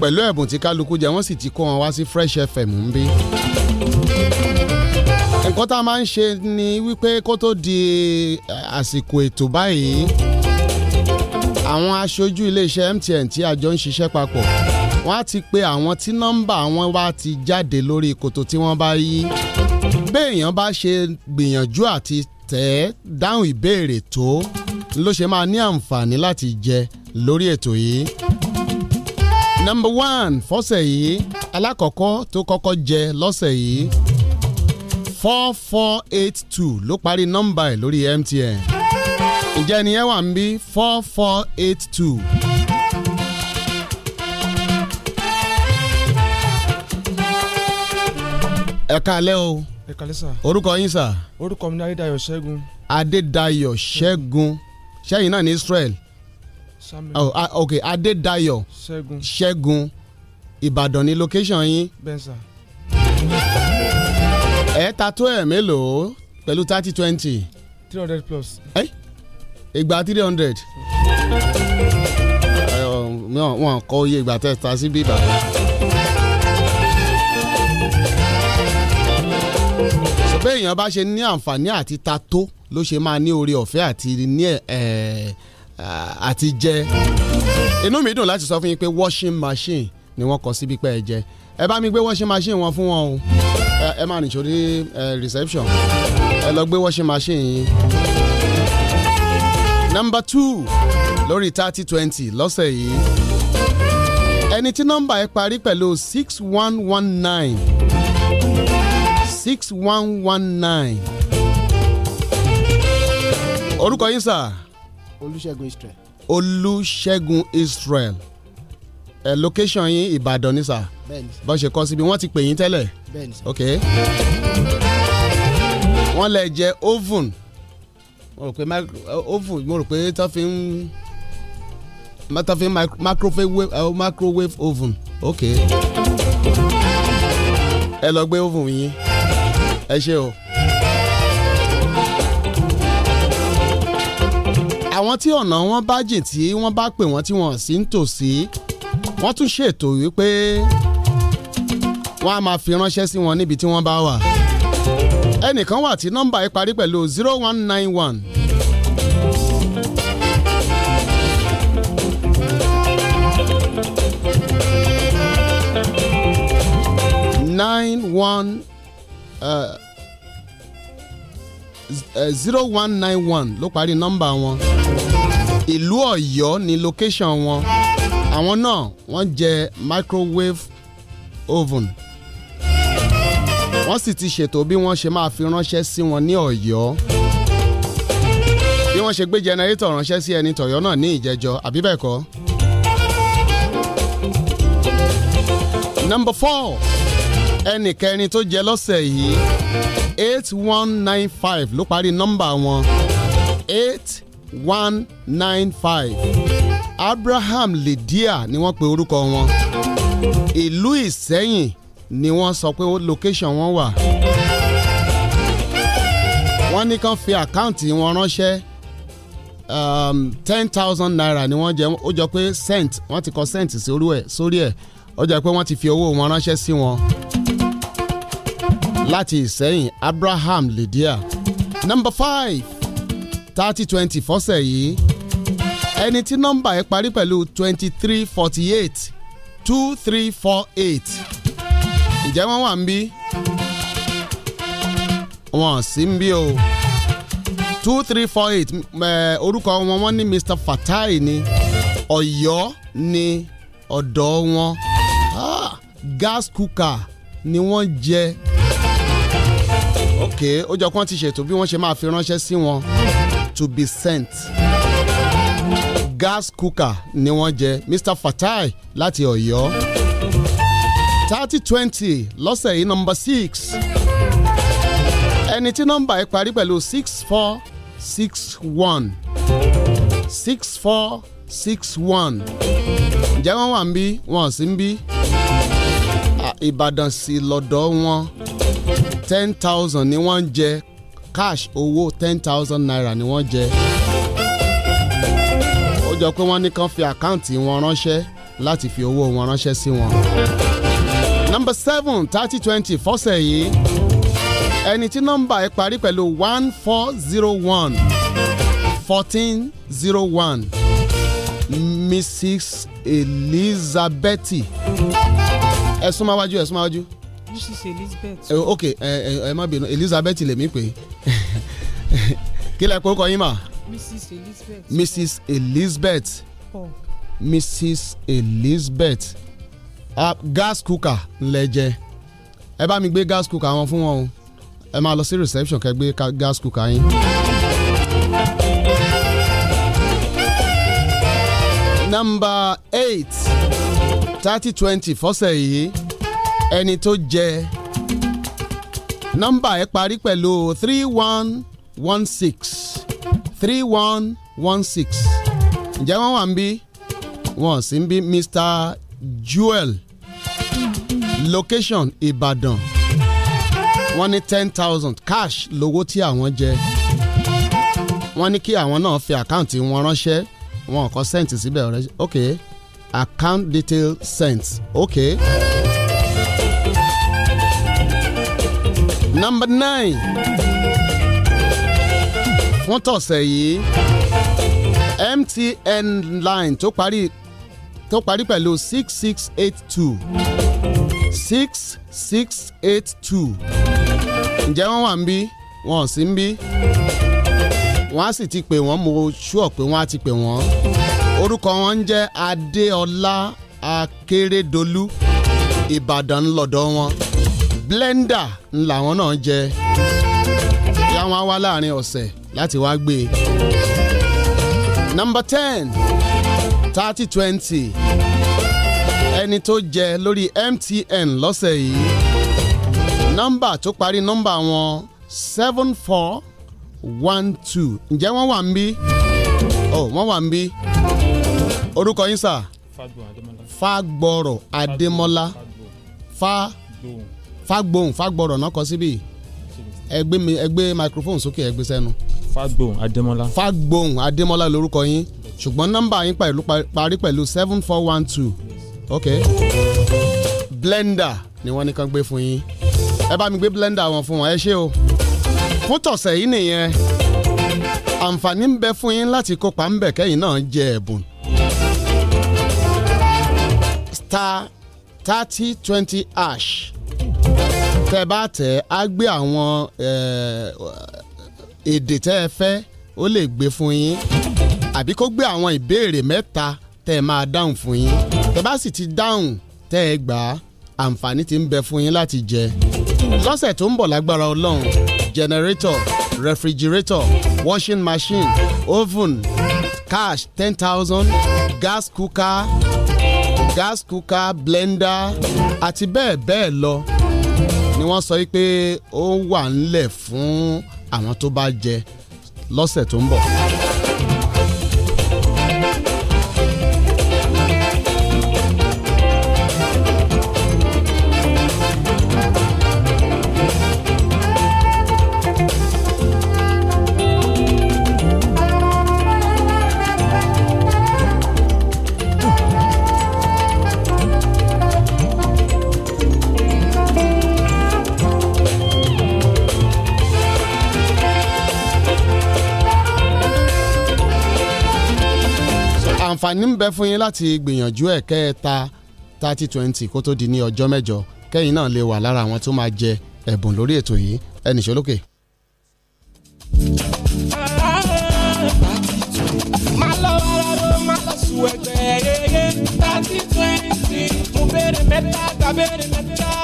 pẹ̀lú ẹ̀bùn tí kálukú jẹ wọ́n sì ti kó wọn wá sí Fresh FM ń bí. nǹkan tá a máa ń ṣe ni wípé kó tó di àsìkò ètò báyìí àwọn aṣojú iléeṣẹ́ MTN tí a jọ ń ṣiṣẹ́ papọ̀ wọ́n á ti pe àwọn tí nọ́mbà wọn wá ti jáde lórí kòtò tí wọ́n bá yí béèyàn bá ṣe gbìyànjú àti tẹ̀ dáhùn ìbéèrè tó ló ṣe máa ní àǹfààní láti jẹ lórí ètò yìí. number one fọ́sẹ̀ yìí alákọ̀ọ́kọ́ tó kọ́kọ́ jẹ lọ́sẹ̀ yìí four four eight two ló parí nọ́mbà ẹ̀ lórí MTN ǹjẹ́ ẹni yẹn wà ń bí four four eight two. ẹ káalẹ́ o ẹ káalẹ́ sà orúkọ yín sà. orúkọ mi ni Adédayọ̀ Ṣẹ́gun. Adédayọ̀ Ṣẹ́gun sẹ́yìn náà ní Israel oh, ah, ok Adédayọ̀ Ṣẹ́gun Ìbàdàn ní location yín ẹ ta tó ẹ̀ mélòó pẹ̀lú thirty twenty. three hundred plus. ẹ ìgbà three hundred. Um, wọn kọ iye ìgbà tẹ ta sí bí Ìbàdàn. bẹ́ẹ̀ èèyàn bá ṣe ní àǹfààní àti ta tó ló ṣe máa ní oore ọ̀fẹ́ àti ní ẹ̀ àti jẹ inú mi dùn láti sọ fún yín pé washing machine ni wọ́n kọ síbi pé ẹ jẹ ẹ bá mi gbé washing machine wọn fún wọn o ẹ máa nìṣó ní reception ẹ lọ gbé washing machine yín number two lórí thirty twenty lọ́sẹ̀ yìí ẹni tí nọ́mbà ẹ parí pẹ̀lú six one one nine six one one nine orúkọ yín sà. olùṣègùn israel. olùṣègùn israel ẹ location yín ìbàdàn ni sà. bẹ́ẹ̀ni. bọ́n ṣe kọ́ síbi wọ́n ti pè yín tẹ́lẹ̀. bẹ́ẹ̀ni sà. ok. wọ́n lè jẹ oven mo rò pé oven mo rò pé tó fi ń tó fi microwave eh, microwave oven ok. ẹ lọ gbé oven yín ẹ ṣé o. àwọn tí ọ̀nà wọn bá jìn tí wọ́n bá pè wọ́n tí wọ́n sì ń tòsí wọ́n tún ṣètò wípé wọ́n á máa fi ránṣẹ́ sí wọn níbi tí wọ́n bá wà ẹnìkan wà tí nọ́mbà yìí parí pẹ̀lú zero one nine one. nine one uh, uh, zero one nine one ló parí nọ́mbà wọn ìlú Ọ̀yọ́ ni location wọn àwọn náà wọ́n jẹ microwave oven wọ́n sì ti ṣètò bí wọ́n ṣe máa fi ránṣẹ́ sí wọn ní Ọ̀yọ́ bí wọ́n ṣe gbé jẹnẹrétọ̀ ránṣẹ́ sí ẹni tọ̀yọ́ náà ní ìjẹjọ àbí bẹ́ẹ̀ kọ́. number four ẹnì kẹrin tó jẹ lọ́sẹ̀ yìí eight one nine five ló parí nọ́mbà wọn eight one nine five Abraham Lydia ni wọ́n pe orúkọ wọn ìlú Ìsẹ́yìn ni wọ́n sọ pé location wọn wà wọ́n ní kàn fi àkáǹtì wọn ránṣẹ́ um, ten thousand naira ni wọ́n jẹ ó jọ pé cent wọ́n ti kọ cent sórí ẹ̀ sórí ẹ̀ ó jọ pé wọ́n ti fi owó wọn ránṣẹ́ sí wọn láti Ìsẹ́yìn Abraham Lydia number five thirty twenty fọ́sẹ̀ yìí ẹni tí nọ́mbà ẹ̀ parí pẹ̀lú twenty three forty eight two three four eight ǹjẹ́ wọ́n wà ń bí? wọn sì ń bí o two three four eight orúkọ wọn wọ́n ní Mr Fatai ni Ọ̀yọ́ ni ọ̀dọ̀ wọn ah, gas cooker ni wọ́n jẹ ok ó jọ kí wọ́n ti ṣètò bí wọ́n ṣe máa fi ránṣẹ́ sí wọn to be sent gas cooker ni wọ́n jẹ Mr Fatai láti Ọ̀yọ́ thirty twenty lọ́sẹ̀ yìí nọmba six ẹni tí nọmba yìí parí pẹ̀lú six four six one six four six one ǹjẹ́ wọ́n wà ń bí wọn ò sí ń bí Ìbàdàn sí lọ́dọ̀ wọn ten thousand ni wọ́n jẹ cash owó ten thousand naira ni wọ́n jẹ. ó jọ pé wọ́n ní kàn fi àkáǹtì wọn ránṣẹ́ láti fi owó wọn ránṣẹ́ sí wọn. nọ́mbà seven thirty twenty fọ́sẹ̀ yìí ẹni tí nọ́mbà ẹ̀ parí pẹ̀lú one four zero one fourteen zero one mrs elizabeth ẹ súnmọ́ wájú ẹ súnmọ́ wájú this is Elizabeth. Eh, ok eh, eh, ẹ má bínú Elizabeth lèmi pé kí lẹ kó kọ yín mà. Mrs Elizabeth. Mrs Elizabeth. Paul. Mrs Elizabeth ah, gas cooker ńlẹ jẹ ẹ bá mi gbé gas cooker wọn fún wọn o ẹ máa lọ sí reception kẹ́ gbé gas cooker yín. Number eight thirty twenty fọ́sẹ̀ yìí ẹni tó jẹ nọ́mbà ẹ parí pẹ̀lú three one one six three one one six ǹjẹ́ wọ́n wà ń bí wọ́n sì ń bí Mr. Joel location Ìbàdàn wọ́n ní ten thousand cash lówó tí àwọn jẹ wọ́n ní kí àwọn náà fi àkáǹtì wọn ránṣẹ́ wọn kọ sent síbẹ̀ ok account detail sent ok. number nine fún tọ̀sẹ̀ yìí MTN line tó parí tó parí pẹ̀lú six six eight two six six eight two ǹjẹ́ wọ́n wà ń bí wọn ò sí ń bí wọ́n á sì ti pè wọ́n mo ṣúọ̀ pé wọ́n á ti pè wọ́n orúkọ wọn ń jẹ́ Adéọlá Akérédolú Ìbàdàn lọ́dọ̀ wọn blender ńlá wọn náà jẹ ìyá wọn á wá láàrin ọ̀sẹ̀ láti wá gbé e. number ten thirty twenty ẹni tó jẹ lórí MTN lọ́sẹ̀ yìí nọ́mbà tó parí nọ́mbà wọn seven four one two ǹjẹ́ wọ́n wà ń bí? oh wọ́n wà ń bí. orúkọ yín sà? Fagboro Adémọ́lá Fagbohun fagbohun fagbọrọ náà kọ síbí ẹgbẹ́ mi ẹgbẹ́ microphone sókè ẹgbẹ́ sẹ́nu. fagbohun adémọ́lá. fagbohun adémọ́lá lórúkọ yín ṣùgbọ́n nọ́mbà yín parí pẹ̀lú seven four one two ok blender ni wọ́n ní kàn gbé fún yín ẹ bá mi gbé blender wọn fún wọn ẹ ṣé o fún tọ̀sẹ̀ yìí nìyẹn àǹfààní ń bẹ fún yín láti kópa ń bẹ̀ kẹ́yìn náà jẹ ẹ̀bùn star thirty twenty ash tẹ́ bá tẹ̀ á gbé àwọn èdè tẹ́ ẹ fẹ́ ó lè gbé fún yín àbí kó gbé àwọn ìbéèrè mẹ́ta tẹ́ ẹ máa dáhùn fún yín tẹ́ bá sì ti dáhùn tẹ́ ẹ gbà á àǹfààní ti ń bẹ fún yín láti jẹ lọ́sẹ̀ tó ń bọ̀ lágbára ọlọ́run generator refrigerator washing machine oven cash ten thousand gas cooker gas cooker blender àti bẹ́ẹ̀ bẹ́ẹ̀ lọ ni wọ́n sọ pé ó wà ńlẹ̀ fún àwọn tó bá jẹ lọ́sẹ̀ tó ń bọ̀. ń bẹ fún yín láti gbìyànjú ẹ̀ kẹta thirty twenty kó tó di ní ọjọ́ mẹ́jọ kẹ́yìn náà lè wà lára àwọn tó máa jẹ ẹ̀bùn lórí ètò yìí ẹnìṣẹ́ lókè. thirty twenty mo béèrè mẹ́ta gbà béèrè mẹ́ta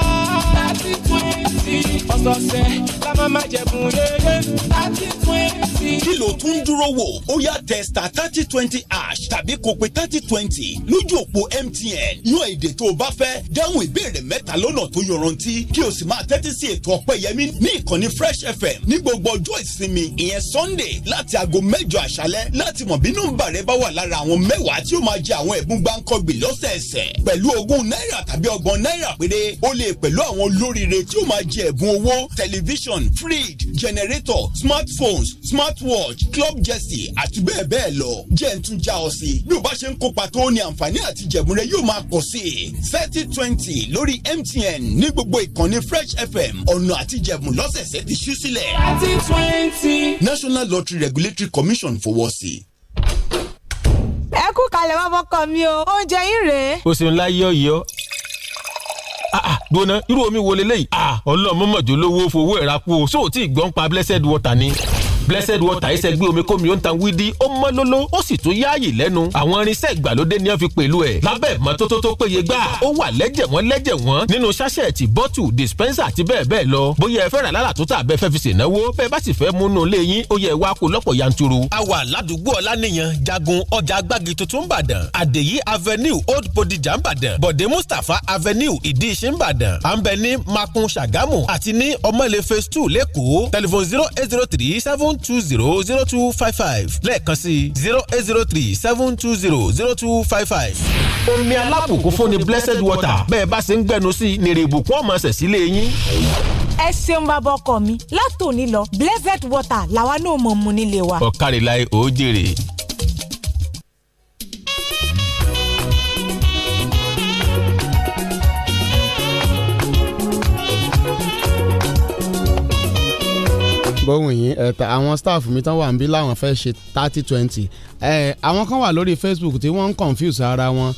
twenty ọ̀sọ̀ọ̀sẹ̀ la máa máa jẹ̀bùn rere thirty twenty. kí ló tún dúró wò ó yá testa thirty twenty ash tàbí kó pe thirty twenty lójú òpó MTN yan èdè tó o bá fẹ́ dáhùn ìbéèrè mẹ́ta lọ́nà tó yọrantí kí o sì máa tẹ́tí sí ètò ọpẹ́yẹmí ní ìkànnì Fresh FM ní gbogbo ọjọ́ ìsinmi ìyẹn Sunday láti aago mẹ́jọ àṣálẹ́ láti mọ̀ bí nọ́mbà rẹ bá wà lára àwọn mẹ́wàá tí ó máa jẹ àwọn ẹ̀bùn gbáǹkọ́gbìn lọ́sẹ̀ẹsẹ̀ pẹ̀lú ogún náírà tàbí ọgbọ̀n náírà péré o lè pẹ̀lú àwọn olóríire tí ó máa jẹ ṣe ẹ̀bùn owó tẹlifíṣàn fridge generator smartphones smartwatch club jersey àti bẹ́ẹ̀ bẹ́ẹ̀ lọ jẹ́ ń tún já ọ sí bí o bá ṣe ń kópa tó ní àǹfààní àti jẹ̀bùn rẹ yóò máa pọ̀ sí i thirty twenty lórí MTN ní gbogbo ìkànnì Fresh FM ọ̀nà àti jẹ̀bùn lọ́sẹ̀ẹ̀sẹ̀ ti ṣú sílẹ̀. thirty twenty. National Lottery Regulatory Commission fọwọ́ sí i ẹ kú kalẹ̀ wá fọkọ mi o oúnjẹ yín rèé. o ṣeun láyé ọyọ gbóná ah, ah, irú omi wo leléyìí ah, ọlọ́mọ mọ̀jọ́ lówó fowó ẹ̀rá kú o sóòtì ìgbọ́npa blessed water ni blessed water ẹsẹ̀ gbé omi kómi ó ń tan wídí ó mọ́ lóló ó sì tún yáàyè lẹ́nu àwọn irinṣẹ́ ìgbàlódé ni wọ́n fi pẹ̀lú ẹ̀ lábẹ́ ìmọ́tótó tó péye gbà ó wà lẹ́jẹ̀ wọ́n lẹ́jẹ̀ wọ́n nínú sachet bottle dispenser àti bẹ́ẹ̀ bẹ́ẹ̀ lọ bóyá ẹ fẹ́ rà lálà tó tà bẹ́ẹ̀ fẹ́ fi ṣènáwó bẹ́ẹ̀ bá sì fẹ́ múnú lé ó yẹ wá kó lọ́pọ̀ yanturu. a wà ládùúgbò ọláníyàn jagun ọjà agbági tuntun bàdàn àdèyí avenue old bodija nbàdàn bọ̀dé mustapha avenue ìdí ìṣin nbàdàn à ń bẹ ní makun ṣàgámù àti ní ọmọlé phase lẹ́kọ̀ọ́ telephone zero eight zero three seven two zero zero two five five lẹ́ẹ̀kan sí zero eight zero three seven two zero zero two five five. omi alábùkún fún ni blessed water bẹ́ẹ̀ bá ṣe ń gbẹnu sí i nírè ìbùkún ọmọ ṣẹ̀ sílé yín ẹ ṣeun bàbá ọkọ mi látòní lọ blessed water làwa náà mọ̀ mu nílé wa. ọ̀kàrìlà ò bóun yín ẹ̀ta àwọn staff mi tán wà ń bí láwọn fẹ́ ṣe thirty twenty ẹ̀ àwọn kan wà lórí Facebook tí wọ́n ń confuse ara wọn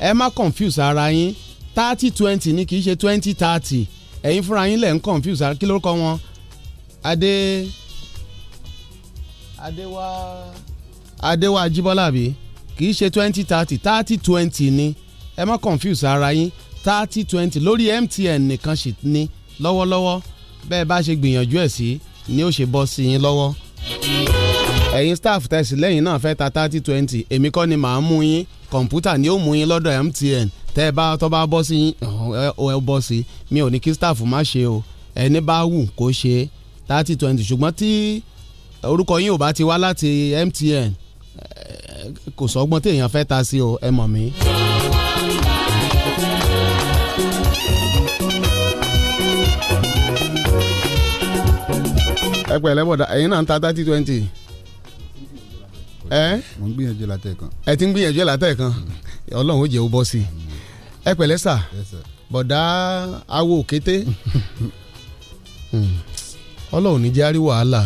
ẹ má confuse ara yín thirty twenty ni kì í ṣe twenty thirty ẹ̀yin fúnra yín lẹ̀ ń confuse ara kí lórúkọ wọn adé adéwà adéwà ajíbọ́lá bí kì ṣe twenty thirty thirty twenty ni ẹ má confuse ara yín thirty twenty lórí MTN nìkan sì ni lọ́wọ́lọ́wọ́ bẹ́ẹ̀ bá ṣe gbìyànjú ẹ̀ sí ni ó ṣe bọ́ sí yín lọ́wọ́ ẹ̀yin staff tẹ̀sí lẹ́yìn náà fẹ́ ta thirty twenty èmi kọ́ ni màá mú yín kọ̀ǹpútà ni ó mú yín lọ́dọ̀ MTN tẹ́ ẹ bá tọ́ bá bọ́ sí yín ẹ bọ́ sí mi ò ní kí staff má ṣe o ẹni bá wù kó ṣe thirty twenty ṣùgbọ́n tí orúkọ yín ò bá ti wá láti MTN kò sọ́gbọ́n tí èèyàn fẹ́ ta sí o ẹ mọ̀ mi. ẹ pẹ̀lẹ́ bọ̀dá ẹ̀yin náà ń ta thirty twenty. ẹ mo ń gbìyànjú látẹ̀ kan. ẹ ti ń gbìyànjú látẹ̀ kan ọlọ́run ó jẹ́ ó bọ́ sí i. ẹ pẹ̀lẹ́ sà bọ̀dá awo kété ọlọ́run ní járí wàhálà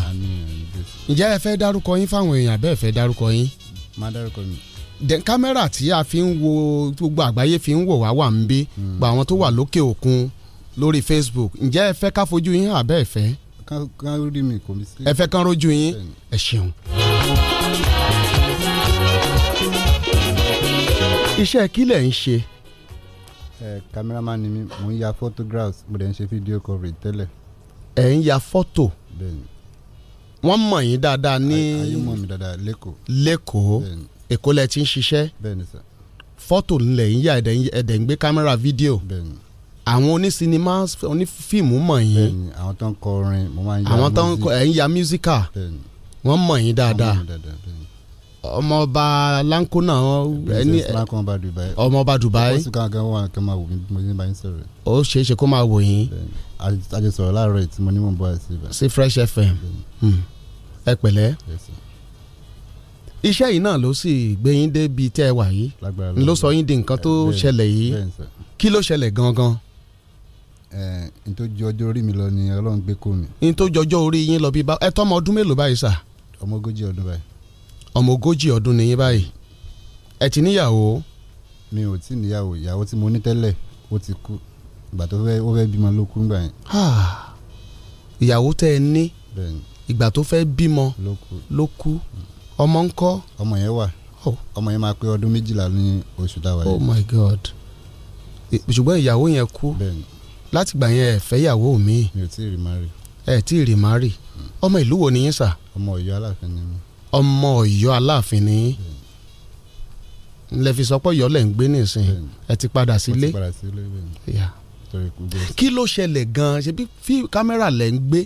ǹjẹ́ ẹ fẹ́ dárúkọ yín fáwọn èèyàn àbẹ́ ẹ fẹ́ dárúkọ yín. má dárúkọ mi. dẹ kámẹ́rà tí a fi ń wo gbogbo àgbáyé fi ń wò wá wà ń bí hmm. gba àwọn tó wà lókè òkun lórí Facebook ǹjẹ́ ẹ fẹ́ ká fojú yín àbẹ́ ẹ fẹ́ kán rí mi kò mí sí. ẹ fẹ́ kán rojú yín ẹ ṣeun. iṣẹ́ kí lẹ̀ ń ṣe. ẹ kámẹ́rámán ni mí mò ń ya photographs mo dẹ̀ ń ṣe fídíò coverage tẹ́lẹ̀. ẹ ń ya fọ́tò. bẹ́ẹ̀ni. wọ́n mọ̀ yín dáadáa ní. ayé mọ̀ mi dáadáa lẹ́kọ̀ọ́. lẹ́kọ̀ọ́ èkó lẹ ti ń ṣiṣẹ́. bẹ́ẹ̀ni sà. fọ́tò ńlẹ̀ ń ya ẹ̀dẹ̀ ń gbé kámẹ́rà fídíò. bẹ́ẹ̀ni àwọn onísinimá onífíìmù mọ̀ yín àwọn tó ń kọ orin mo máa ń ya àwọn tó ń kọ ẹ̀ ń ya mísíkà wọ́n mọ̀ yín dáadáa ọmọọba lanko náà ẹni ọmọọba Dubai ó ṣeé ṣe kó máa wò yín. àjẹ sọ̀rọ̀ láàárọ̀ tí mo ní mò ń bọ̀ ẹ̀ sí. sí Fresh FM hmm. ẹ pẹ̀lẹ́ iṣẹ́ yìí náà ló sì gbé yín débi tẹ́ ẹ wà yìí ló sọ yín di nǹkan tó ṣẹlẹ̀ yìí kí ló ṣẹlẹ̀ gangan. Eh, n tó ju ọjọ́ orí mi lọ ni ọlọ́run gbé kó mi. n tó ju ọjọ́ orí yín lọ bí bá ẹ tọ́ ọmọ ọdún mélòó báyìí sà. ọmọ ogójì ọdún báyìí. ọmọ ogójì ọdún nìyí báyìí ẹ ti níyàwó. mi ò tí níyàwó ìyàwó tí mo ní tẹ́lẹ̀ ó ti kú ìgbà tó fẹ́ ó fẹ́ bímọ ló kú nígbà yẹn. ìyàwó tẹ ẹ ní ìgbà tó fẹ́ bímọ ló kú ọmọ ńkọ́. ọmọ yẹn wà ọmọ yẹn máa pé ọdún méjìlá ní oṣù táwa yẹn. oh my god ṣùgbọ́n ìyàwó yẹn kú. bẹ́ẹ̀ni láti gbà yẹn ẹ fẹ́ yàwó mi. mi ò tí ì rí mari. ẹ tí ì rí mari ọmọ ìlú wo ni yín sà. ọmọ Ọ̀yọ́ aláàfin ni mí. ọmọ Ọ̀yọ́ aláàfin ni yín. ńlẹ fi sọ pé Ọ̀yọ́ lẹ ń gbé nísìn ẹ ti padà sílé. ẹ ti padà sílé bẹ́ẹ̀ ni. kí ló ṣẹlẹ̀ gan-an ṣe bí kámẹ́rà lẹ ń gbé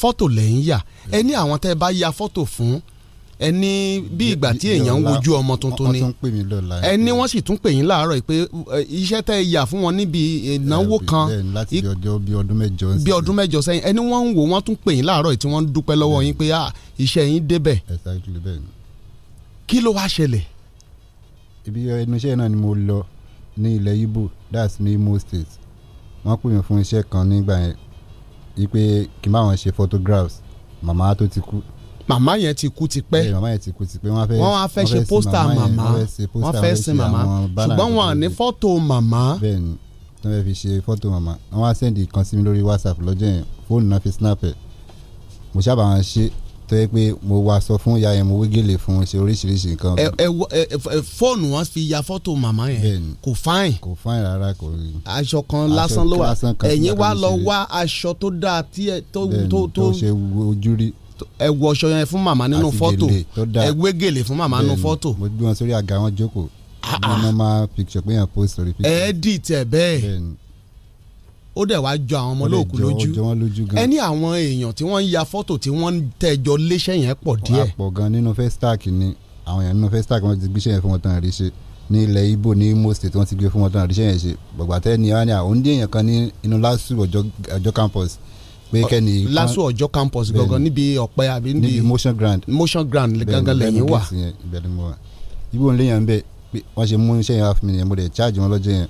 fọ́tò lẹ ń yà ẹ àwọn tẹ́ bá ya fọ́tò fún ẹni bí ìgbà tí èèyàn ń wojú ọmọ tuntun ni ẹni wọ́n sì tún pè yín láàárọ̀ pé iṣẹ́ tẹ́ yà fún wọn níbi ìnáwó kan bí ọdún mẹ́jọ sẹ́yìn ẹni wọ́n ń wò wọ́n tún pè yín láàárọ̀ tí wọ́n ń dúpẹ́ lọ́wọ́ yín pé iṣẹ́ yín débẹ̀ kí ló wá ṣẹlẹ̀. ibi ẹnu iṣẹ́ náà ni mo lọ ní ilẹ̀ Igbo that's ní Imo State wọ́n pè mí fún iṣẹ́ kan nígbà yẹn wípé kí n bá wọn ṣe photographs màmá tó ti kú màmá yẹn ti kú tipẹ́ màmá yẹn ti kú tipẹ́ wọ́n wá fẹ́ ṣe pósítà màmá wọ́n fẹ́ sin màmá ṣùgbọ́n wọn à ní fọ́tò màmá. bẹ́ẹ̀ni tí wọ́n fi ṣe fọ́tò màmá wọ́n á sẹ́ndì kan sí mi lórí whatsapp lọ́jọ́ yẹn fóònù náà fi snap ẹ̀ mo sábà wọn ṣe tó yẹ pé mo wá sọ fún ìyá yẹn mo wé gèlè fún un ṣe oríṣiríṣi nǹkan. ẹ ẹ fóònù wọn fi ya fọ́tò màmá yẹn kò fáìn. kò fáìn rárá kò rí. aṣọ kan lásán ló wà ẹ̀yin wá lọ wá aṣọ tó dáa tí ẹ tó tó tó. bẹ́ẹ̀ni tó ṣe ojú rí ẹ wọ ọṣọ yẹn fún màmá nínú fọ́tò ẹ wé gèlè fún màmá nínú fọ́tò. mo gbé wọn sórí àga wọn jókòó ah, mo ah. mọ máa picture pé yàn post sórí picture. ẹ dì tẹ bẹ́ẹ̀ ó dẹ̀ wá jọ àwọn ọmọ olóòkú lójú ẹ ní àwọn èèyàn tí wọ́n ń ya fọ́tò tí wọ́n ń tẹ̀jọ léṣẹ́ yẹn pọ̀ díẹ̀. àpọ̀ gan nínú Festac ni àwọn èèyàn nínú Festac wọn ti gbéṣẹ́ yẹn fún wọn tán rí ṣe ní ilẹ̀ Ìgbò ní Imo State wọn ti gbé fún wọn tán rí ṣe yẹn ṣe gbọ̀gbàtẹ́ ni wọn ní àwọn oúnjẹ èèyàn kan ní inú LASU ọjọ́ campus pé kẹ́ni. LASU Ọ̀jọ́ campus gangan níbi ọ̀pẹ àbí níbi motion ground motion ground gangan lẹ́yìn wà. ibo ń léyàn bẹ́ẹ̀ pé wọ́n ṣe mú iṣẹ́ yẹn wá fún mi yẹn mo dẹ̀ charge wọn lọ́jọ́ yẹn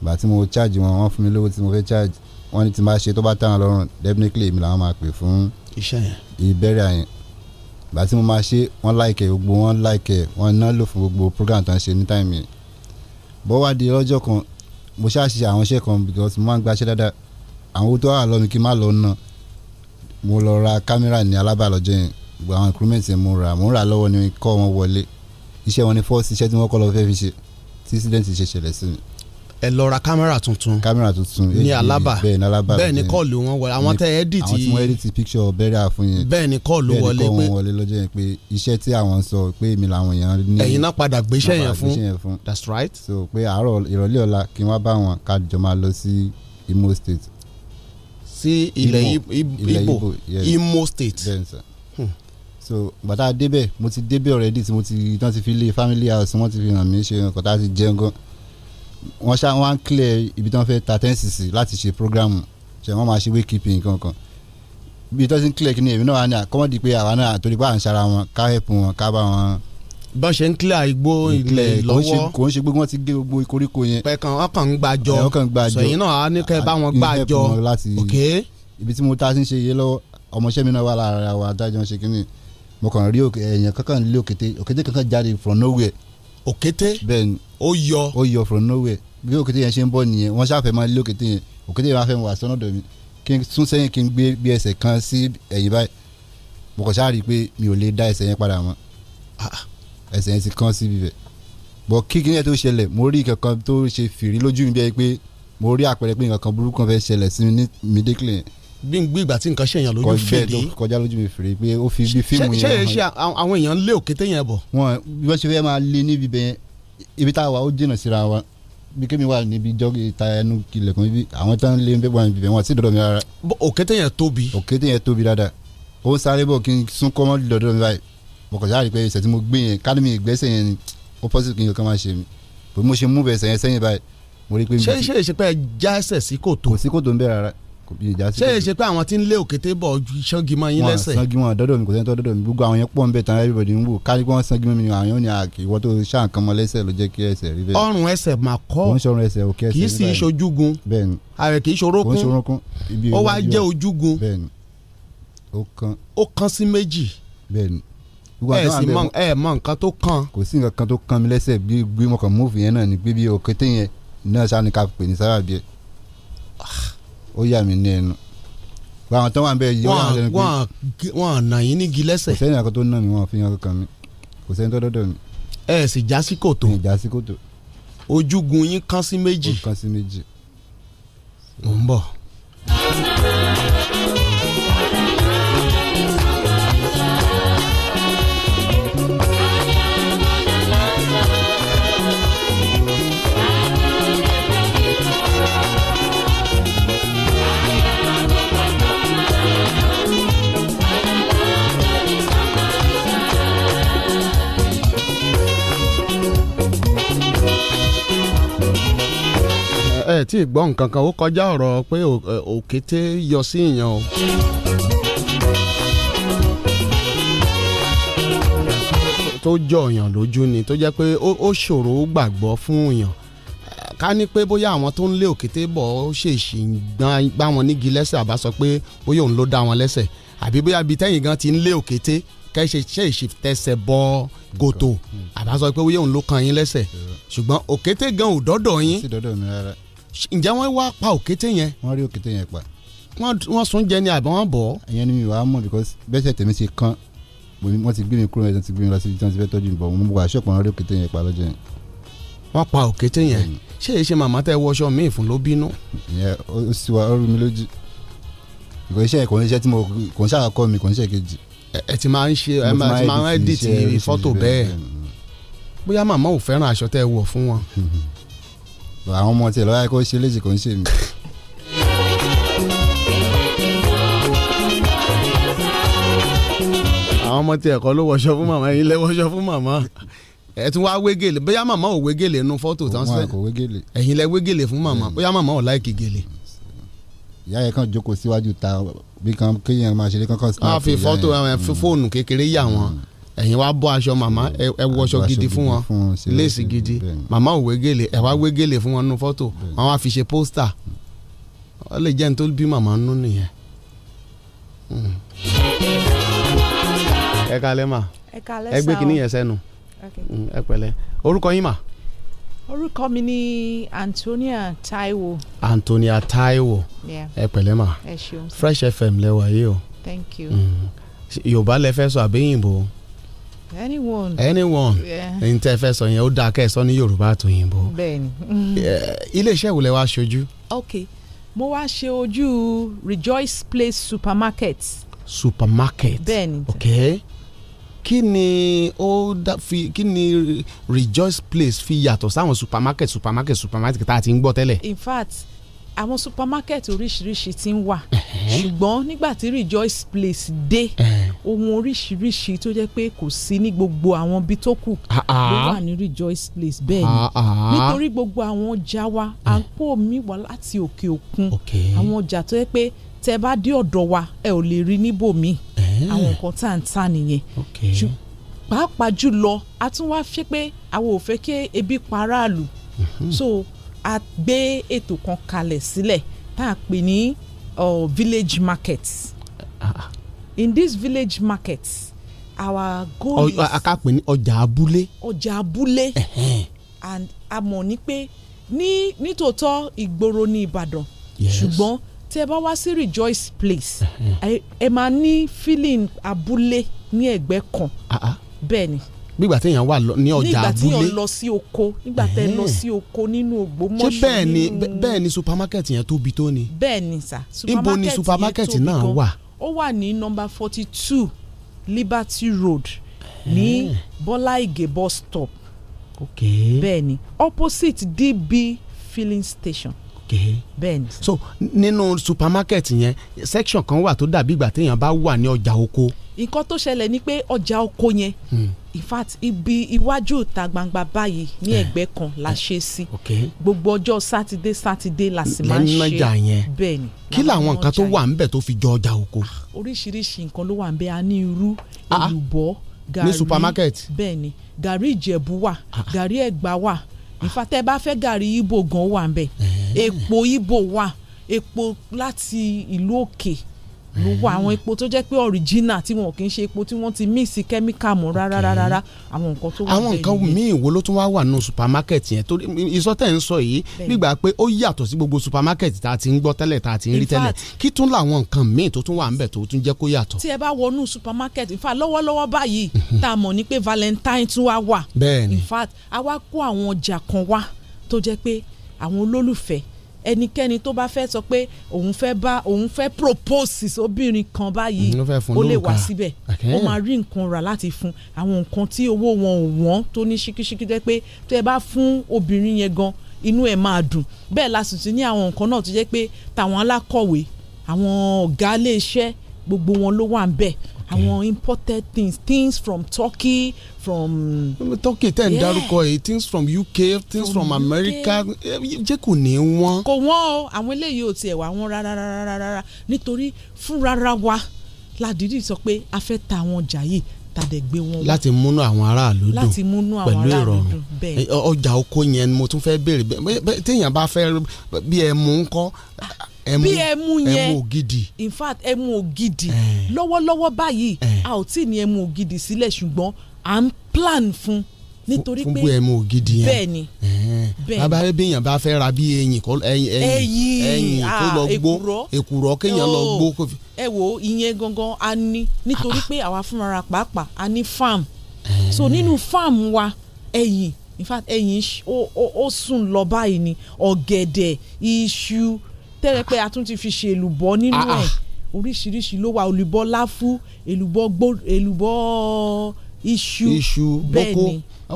gbà tí mo charge wọn wọ́n fún mi lówó tí mo fẹ́ charge wọ́n ní tí máa ṣe tó bá tán lọ́rùn definitely èmi làwọn máa pè fún ìbẹ̀rẹ̀ yẹn gbà tí mo máa ṣe wọ́n láìkẹ̀ gbogbo wọ́n láìkẹ̀ wọ́n ná lò fún gbogbo program tó ń ṣe ní táìmì yẹn bọ́ wá di lọ́jọ́ kan mo ṣáà ṣe àwọn iṣẹ́ kan because mo máa ń gbaṣẹ́ dáadáa àwọn owó tó wà lọ́mi kí n má lọ ná mo lọ ra kámẹ́rà ní Alábà lọ́jọ́ yẹn gbogbo àwọn increment yẹn mo rà mo rà lọ́wọ́ ni kọ́ wọn wọlé iṣẹ́ wọn ni first iṣẹ́ tí wọ́n kọ́ lọ fẹ́ fi ṣe tí student ṣe ṣẹlẹ̀ sí mi. ẹ lọ ra kámẹ́rà tuntun kámẹ́rà tuntun ní Alábà bẹ́ẹ̀ ní Alábà bẹ́ẹ̀ ni kọ́ọ̀lù wọn wọlé àwọn tẹ edit àwọn tí wọ́n edit picture bẹ́ẹ̀rẹ̀ àfún yẹn bẹ́ẹ̀ ni kọ́ọ̀lù wọlé pé bẹ́ẹ̀ ni kọ́ọ̀lù wọlé lọ́jọ́ yẹn pé iṣẹ́ tí àwọn sọ pé èmi làwọn èèyàn ní. ẹ̀yin náà padà gbéṣẹ́ yẹn fún that's right. so pé àárọ̀ ìrọ̀lẹ́ ọ̀la kí wọ́n bá wọn ká máa lọ sí Imo State sí ilẹ̀ Ìgbò Imo state. Then, hmm. so bàtà débẹ̀ mo ti débẹ̀ already tí mo ti tán ti fi lé family house wọ́n ti fi hàn mí ṣe nǹkan tá a ti jẹun gan wọ́n ṣá wọ́n á clear ibi tí wọ́n fẹ́ ta tẹ́ǹsìsì láti ṣe programu ṣe wọ́n máa ṣe wake keeping kankan bí tọ́sí ń clear kí ni èmi náà wà ní àkọ́mọ́dé pé àwa náà àtòrí pé à ń ṣara wọn ká help wọn ká bá wọn bọ́n ṣe ń clear igbó ilẹ̀ lọ́wọ́ kò ń ṣe pé wọ́n ti gé gbogbo koríko yẹn. pẹ̀kan ọkàn ń gbàjọ sọ̀yìn náà á ní kẹ́ bá wọn gbàjọ ok. ibi tí mo ta sí ṣe yé lọ́wọ́ ọmọọṣẹ́ mi náà wà lára wa adájọ́ ń ṣe kínní mo kàn rí èèyàn kankan lé òkété òkété kankan jáde from nowhere. òkété bẹ́ẹ̀ni ó yọ ó yọ from nowhere bí òkété yẹn ṣe ń bọ̀ nìyẹn wọ́n ṣàfẹ́ máa lé òkété yẹn òkété yẹn máa fẹ́ wà sọ́nà mi kí n sún sẹ́yìn kí n gbé bí ẹsẹ̀ kan sí ẹ̀yìn báyìí mo kàn ṣáà rí i pé mi ò lè dá ẹsẹ̀ yẹn padà mọ́ ah, ah ẹsẹ̀ yẹn ti kán síbi bẹ̀ bọ̀ kíkí yẹn tó ṣẹlẹ̀ mo rí kankan tó ṣe fìrí lójú mi bẹ́ẹ̀ pé mo rí àpẹẹrẹ pé nǹkan kan burúkú kan fẹ́ ṣẹlẹ̀ sí mi ní mídíkìlì yẹn bí n gbé ìgbà tí nǹkan ṣèyàn lójú fèrè kọjá lójú mi fèrè pé ó fi bí fíìmù yẹn ṣe ṣe àwọn èèyàn lé òkété yẹn bọ̀. wọn bí wọn ṣe fẹ́ máa lé níbi bẹ́ẹ̀ ibi tá a wà ó jìnnà síra wa bí kémi wà níbi jọ́gì ta ẹnu ilẹ̀kùn ibi àwọn tán lé bẹ́ẹ̀ wọn bíbẹ̀ wọn sí dọ̀dọ̀ mi rárá. òkété yẹn tóbi. òkété yẹn tóbi dáadáa ó sáré bọ̀ kí n sún kọ́mọ́ dọ̀dọ̀ mi báyìí mo kàn sáré pé ẹsẹ̀ tí mo gbé yẹn ká ní mi ìgbésẹ̀ yẹn ni ó pọ́sibú kí n kankan máa ṣe mi pé mo ṣe mú ẹsẹ̀ yẹn sẹ́yìn báyìí mo rí i pé. ṣé ṣe ṣe pé jásẹ̀ sí kòtò. kò sí kòtò ń bẹ̀ rárá kò bí ìjà sí kòtò. ṣé ṣe pé àwọn tí ń lé òkété bọ̀ ṣọ́gimọ̀ yín lẹ́sẹ̀. wọn sangimọ dọ́dọ̀ mi kò sẹ́ni tó dọ́dọ̀ mi gbogbo àwọn yẹn pọ̀ ń bẹ̀ tán everybody ń wò kárí pé wọ́n sangimọ mi ni àwọn yóò ní àkìwọ́ tó ṣàǹkan mọ́ lẹ́sẹ̀ ló jẹ́ kí ẹsẹ̀ rí bẹ́ẹ̀. ọrùn ẹsẹ̀ mà kọ́ kì í sì í ṣojúgun ààrẹ kì í ṣorókún ó wá jẹ́ ojúgun ó kan sí méjì. bẹ́ẹ̀ni ẹ sì mọ ẹ mọ nǹkan tó kàn. kò sí nǹkan kan tó kàn mí lẹ́sẹ̀ bí gbímọ kan múfì yẹn náà ni pé bí òkété yẹn náà sani ká pè ní sára bíẹ ó yà mí ní ẹnu báwọn tó wà ń bẹ yìí ó yà mí lẹ́nu pé wọn à nà yín nígi lẹ́sẹ̀. kò sẹ́yìn àkọ́tó náà mi wọn fi hàn kankan mi kò sẹ́yìn tó dọ́dọ̀ mi. ẹ sì já sí kòtò. ẹ já sí kòtò. ojúgun yín kán sí méjì. ó kán sí méjì. mò ń bọ̀. ẹ̀ tí ì gbọ́ nǹkan kan ó kọjá ọ̀rọ̀ pé òkété yọ sí ìyàn o. tó jọ èèyàn lójú ni tó jẹ́ pé ó ṣòro gbàgbọ́ fún èèyàn ká ní pé bóyá àwọn tó ń lé òkété bọ̀ ó ṣèṣì gbá wọn nígi lẹ́sẹ̀ àbá sọ pé bóyá òun ló dá wọn lẹ́sẹ̀ àbí bóyá ibi tẹ́yìn gan ti ń lé òkété kẹ́sẹ̀ ṣèṣì tẹsẹ̀ bọ gòtò hmm. àbá sọ pé bóyá òun ló kan yín lẹ́sẹ̀ hmm. ṣùgbọ́n òkété gan ò dọ́dọ̀ yín ǹjẹ́ wọ́n wá pa òkété yẹn. wọ́n rí òkété yẹn pa. wọ́n sún jẹ ni àbí wọ́n bọ̀. ìyẹn ni mi wàá mọ̀ because bẹ́sẹ̀ tèmi ṣe kán wọ́n ti gbé mi kúrò ẹ̀sán ti gbé mi lọ sí ibi tí wọ́n ti fẹ́ tọ́jú mi bọ̀ mo wà aṣọ́pọ̀ wọn rí òkété yẹn pa lọ́jọ́ yẹn. wọ́n pa òkété yẹn ṣé èyí ṣe màmá tẹ wọṣọ míì fún ló bínú. ìyẹn ó sì wá ọrùn mi lójú kò ń ti máa ń ṣe ẹ ti máa ń edit fọ́tò àwọn ọmọ tiẹ̀ lọ́wọ́ kó ṣe léṣe kò ń ṣe mí. àwọn ọmọ tiẹ̀ kọ́ ló wọṣọ fún màmá yín lẹ́ wọṣọ fún màmá ẹ tún wá wé gèlè bóyá màmá ò wé gèlè nu fọ́tò tán sẹ́ ẹ̀yin lẹ wé gèlè fún màmá mm. bóyá màmá ò láìkì gèlè. ìyá yẹn kàn jókòó síwájú ta bí kan kéèyàn máa ṣeré kankan. a fi fọ́tò eh, mm. fóònù kékeré yà wọ́n. Mm ẹ̀yin wá bọ́ aṣọ màmá ẹ wọṣọ gidi fún wọn léèsì gidi màmá ò wégele ẹ wá wégele fún wọn nínú fọ́tò wọn wá fi ṣe pósítà ó lè jẹ́ ní tó bí màmá nínú nìyẹn. Hmm. ẹ kalẹ́ mà ẹ gbé kínní yẹn sẹ́nu hmm, ẹ pẹ̀lẹ́ orúkọ yín mà. orúkọ mi ni Antonia Taiwo. Antonia Taiwo ẹ pẹ̀lẹ́ mà Fresh FM lẹ́wà yìí o. thank you. Hmm. yorùbá lẹ fẹ́ sọ àbẹ́yìnbó. So anyone anyone n tẹ́ fẹ́ sọ yẹn ó dáa kẹ́ ẹ sọ ní yorùbá àtòyìnbó bẹ́ẹ̀ni. iléeṣẹ́ wo lẹ wá ṣojú. ok mo wá ṣe ojú rejoice place supermarket. supermarket bẹ́ẹ̀ni. ok kí ni ó fi kí ni rejoice place fi yàtọ̀ sáwọn supermarket supermarket supermarket tá a ti ń gbọ́ tẹ́lẹ̀. in fact àwọn supermarket oríṣiríṣi ti ń wà ṣùgbọ́n nígbà tí Rejoice Place dé ohun oríṣiríṣi tó jẹ́ pé kò sí ní gbogbo àwọn ibi tó kù ah, ah. ló wà ní Rejoice Place bẹ́ẹ̀ ni ah, nítorí gbogbo àwọn ọjà wa à ń kó omi wá láti òkè òkun àwọn ọjà tó jẹ́ pé tẹ́ bá dé ọ̀dọ̀ wa ẹ ò lè rí níbòmí àwọn nǹkan tá à ń tà nìyẹn pàápàá jùlọ a tún wá fẹ́ pé àwọn ò fẹ́ kí ebi pa mhm. so a gbé ètò kan kalẹ̀ sílẹ̀ tá a pè ní village market ah, ah. in this village market our goal o, is. aka pè ní ọjà abúlé. ọjà abúlé and a mọ̀ ní pé ní nítòótọ́ ìgboro ní Ìbàdàn ṣùgbọ́n yes. tí ẹ bá wá sí Rejoice Place ẹ máa ní feeling abúlé ní ẹ̀gbẹ́ kan ah, bẹ́ẹ̀ ni nígbà téèyàn wà ní ọjà abúlé nígbà téèyàn lọ sí oko nígbà tẹ́ lọ sí oko nínú Ògbómọ̀ṣọ́ ṣé bẹ́ẹ̀ ni bẹ́ẹ̀ ni supermarket yẹn tóbi tó ni. bẹ́ẹ̀ ni sà supermarket yẹn tóbi gan ibo ni supermarket náà wà. ó wà ní number forty two Liberty Road ní Bọ́lá Ìgè bus stop. ok bẹ́ẹ̀ ni opposite DB filling station okay. bẹ́ẹ̀ni. so nínú supermarket yẹn section kan wà tó dàbí ìgbà téèyàn bá wà ní ọjà oko nǹkan tó ṣẹlẹ̀ ni pé ọjà oko yẹn hmm. in fact ibi iwájú ìta gbangba báyìí ní eh. ẹ̀gbẹ́ kan la eh. ṣe sí gbogbo ọjọ́ sátidé sátidé la sì máa ń ṣe bẹ́ẹ̀ ni kí làwọn nǹkan tó wà ńbẹ̀ tó fi jọ ọjà oko. Ah, oríṣiríṣi nǹkan ló wà ńbẹ̀ a ní irú ah. èlùbọ́ gàrí ní supermarket bẹ́ẹ̀ ni gàrí ìjẹ̀bú wà ah. gàrí ẹ̀gbá wà ìfàtẹ́ bá fẹ́ gàrí ibo gan wà ńbẹ̀ eh. epo ibo wà epo láti ìlú òkè ló wà àwọn epo tó jẹ́ pé original tí wọn kì í ṣe epo tí wọ́n ti mix chemical mọ́ rárá rárá àwọn nǹkan tó wà bẹ́ẹ̀ àwọn nǹkan míì wo ló tún wá wà nù supermarket yẹn tó ìsọ tẹ̀ ń sọ yìí nígbà pé ó yàtọ̀ sí gbogbo supermarket tá a ti ń gbọ́ tẹ́lẹ̀ tá a ti ń rí tẹ́lẹ̀ kí tún làwọn nǹkan míì tó tún wà ńbẹ̀ tó tún jẹ́ kó yàtọ̀. tí ẹ bá wọnú supermarket in fact lọ́wọ́lọ́wọ́ báyìí mhm. tá a mọ̀ ní pé valentine tún wá in fact a wá kó àwọn ọjà ẹnikẹ́ni tó bá fẹ́ sọ pé òun fẹ́ bá òun fẹ́ propose obìnrin kan báyìí ó lè wá síbẹ̀ ó máa rí nǹkan rà láti fún àwọn nǹkan tí owó wọn ò wọ́n tó ní ṣíkíṣíkí jẹ́ pé tẹ́ ẹ bá fún obìnrin yẹn gan inú ẹ̀ máa dùn bẹ́ẹ̀ la sì ti ní àwọn nǹkan náà tó jẹ́ pé tàwọn alákọ̀wé àwọn ọ̀gá ilé iṣẹ́ gbogbo wọn ló wà ń bẹ̀ àwọn imported things things from Turkey from. Turkey tẹ̀ ń dárúkọ yìí things from UK things from, from America jẹ́ kò ní wọ́n. kò wọ́n o àwọn eléyìí ò tiẹ̀ wá wọ́n rárá rárá rárá nítorí fúnrara wa ládìrí sọ pé a fẹ́ ta àwọn ọjà yìí tàdé gbé wọn. láti múnú àwọn aráàlú dùn láti múnú àwọn aráàlú dùn pẹ̀lú ìrọ̀rùn ọjà oko yẹn mo tún fẹ́ béèrè bẹ́ẹ̀ téèyàn bá fẹ́ bí ẹ mú ń kọ́ bí ẹmu ẹmu ògidì in fact ẹmu ògidì lọ́wọ́lọ́wọ́ báyìí a ò tí ì ní ẹmu ògidì sílẹ̀ ṣùgbọ́n à ń plan fún nítorí pé fúnbù ẹmu ògidì yẹn bẹ́ẹ̀ ni bẹ́ẹ̀ ni bàbá bíyàn bá fẹ́ ra bí eyín eyín eyín tó ah, lọ gbó èkùrọ́ kéèyàn lọ gbó. ẹ wo ìyẹn gangan a ní nítorí pé àwa fúnra pàápàá a ní farm so nínú farm wa ẹyìn in fact ẹyìn ó sùn lọ báyìí ni ọ̀gẹ̀dẹ̀ iṣu tẹ́rẹpẹ́ a tún ti fi ṣe èlùbọ́ nínú ah, ah. ẹ̀ oríṣiríṣi ló wà olùbọ́ láfú èlùbọ́ gbó èlùbọ́ iṣu iṣu bẹ́ẹ̀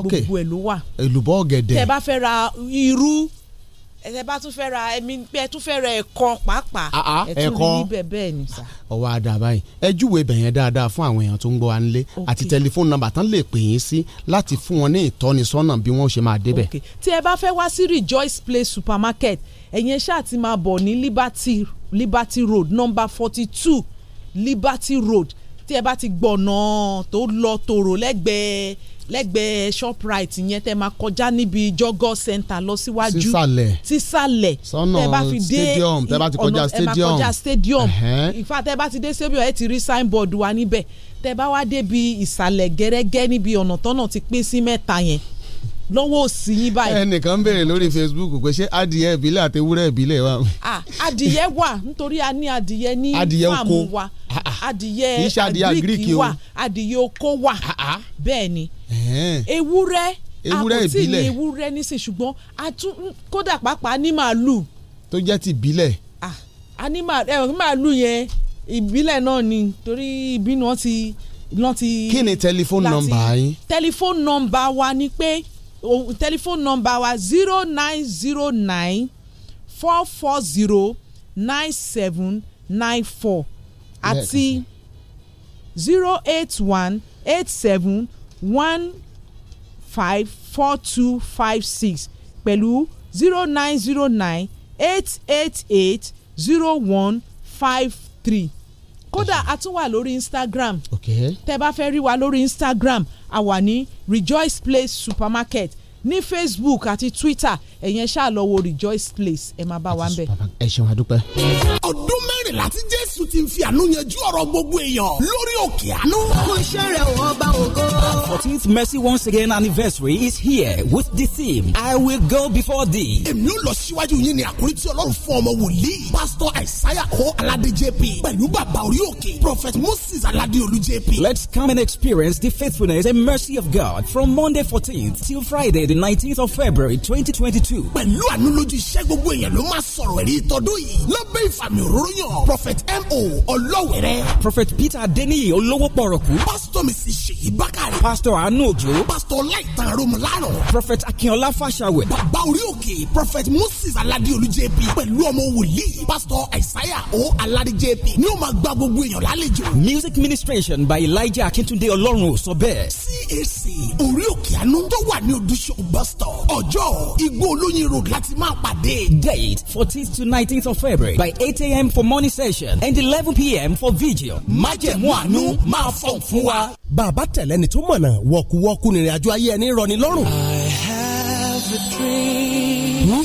gbogbo ẹ̀ ló wà èlùbọ́ ọ̀gẹ̀dẹ̀ tẹ́ bá fẹ́ ra irú ẹ bá tún fẹ́ ra ẹ̀mí ẹ tún fẹ́ ra ẹ̀kọ́ pàápàá ah, ẹ tún rí níbẹ̀ bẹ́ẹ̀ ni ọwọ́ àdá báyìí ẹ júwe ibẹ̀ yẹn dáadáa fún àwọn èèyàn tó ń gbọ́ wa nílé àti tẹlifóònù nọ́mbà tán lè pè yín sí láti fún wọn ní ìtọ́nisọ́nà bí wọ́n ṣe máa débẹ̀. tí ẹ bá fẹ́ wá sí Rejoice Place Supermarket ẹ̀yin ẹ̀ṣá àti máa bọ̀ ní Liberty Liberty Road number forty two Liberty Road tí ẹ bá ti gbọ̀nà tó lọ tòrò lẹ́gbẹ̀ẹ́ lẹ́gbẹ̀ẹ́ shoprite yẹn tẹ́ máa kọjá níbi jọgọ́ center lọ síwájú sísàlẹ̀ sísàlẹ̀ tẹ́ bá fi dé stadium tẹ́ bá ti kọjá stadium ẹ máa kọjá stadium ìfà tẹ́ bá ti dé stadium ẹ ti rí signboard wa níbẹ̀ tẹ́ bá wá débi ìsàlẹ̀ gẹ́rẹ́gẹ́ níbi ọ̀nà tọ́nà ti pín sí mẹ́ta yẹn lọ́wọ́ òsì yín báyìí. ẹnìkan ń béèrè lórí Facebook pé ṣé adìyẹ ìbílẹ̀ àti ewúrẹ́ ìbílẹ̀ wà. adìyẹ wà nítorí a ní adìyẹ ní fáàmù wa adìyẹ Greek wà adìyẹ oko wà bẹ́ẹ̀ ni ewúrẹ́ àpótí ni ewúrẹ́ nísìn ṣùgbọ́n kódà pàápàá ní màálù. tó jẹ́ ti ìbílẹ̀. a ní màálù yẹn ìbílẹ̀ náà ni torí ìbínú wọn ti lọ́n ti. kí ni tẹlifóònù nọ́mbà yín. tẹlifóònù nọ́mbà wa ni pé Oh, telephone number wa zero nine zero nine four four zero nine seven nine four àti zero eight one eight seven one five four two five six pẹ̀lú zero nine zero nine eight eight eight zero one five three kódà a tún wà lórí Instagram okay. tẹ́ bá fẹ́ rí wa lórí Instagram a wà ní Rejoice Place Supermarket ní Facebook àti Twitter ẹ̀yẹn ṣáà lọ wo Rejoice Place ẹ̀ máa bá wa ń bẹ̀. ẹ ṣeun adúpẹ́. ọdún mẹ́rin méjìlá tí jésù ti fi àánú yanjú ọ̀rọ̀ gbogbo èèyàn lórí òkè àánú. kò iṣẹ́ wọ́n bá ògo. fourteenth mercy once again anniversary is here with the theme I will go before thee. èmi ò lọ síwájú yín ní àkórí tí ọlọ́run fún ọmọ wòlíì pásítọ̀ àìsáyà kó aládé jp pẹ̀lú bàbá orí òkè prophet moses aládéolú jp. let's come and experience the faithfulness and mercy of God from Monday fourteenth till Friday the nineteenth of February twenty twenty two. pẹ̀lú àánú lójú iṣẹ́ gbogbo èèyàn ló máa sọ̀rọ̀ ẹ̀rí ìtọ́dún yìí lábẹ́ ìfàmì òróró yàn prophet mo ọlọ́wẹ̀rẹ́. prophet peter adeniyi Olowo pọ̀rọ̀kú. pastor mrs seyi bakari. pastor anu ojo. pastor laitan romularo. prophet akinola fashawe. bàbá orí òkè prophet moses aladiolu jp pẹ̀lú ọmọ wòlíì pastor isaiah o aladi jp ni ó máa gba gbogbo èèyàn lálejò. music ministration by elijah akintunde ọlọ́run ò cac orí òkè àánú tó wà ní odúṣọ bus stop ọjọ́ igbó olóyin road láti máa pàdé. date fourteenth to nineteenth of february by eight a.m. for morning session and eleven pm for video. májẹ̀mú àánú máa fọ̀ fún wa. bàbá tẹ̀lẹ́ni tó mọ̀nà wọ̀kúwọ́kú nírìn àjò ayé ẹni rọ̀ ní lọ́rùn. I have a dream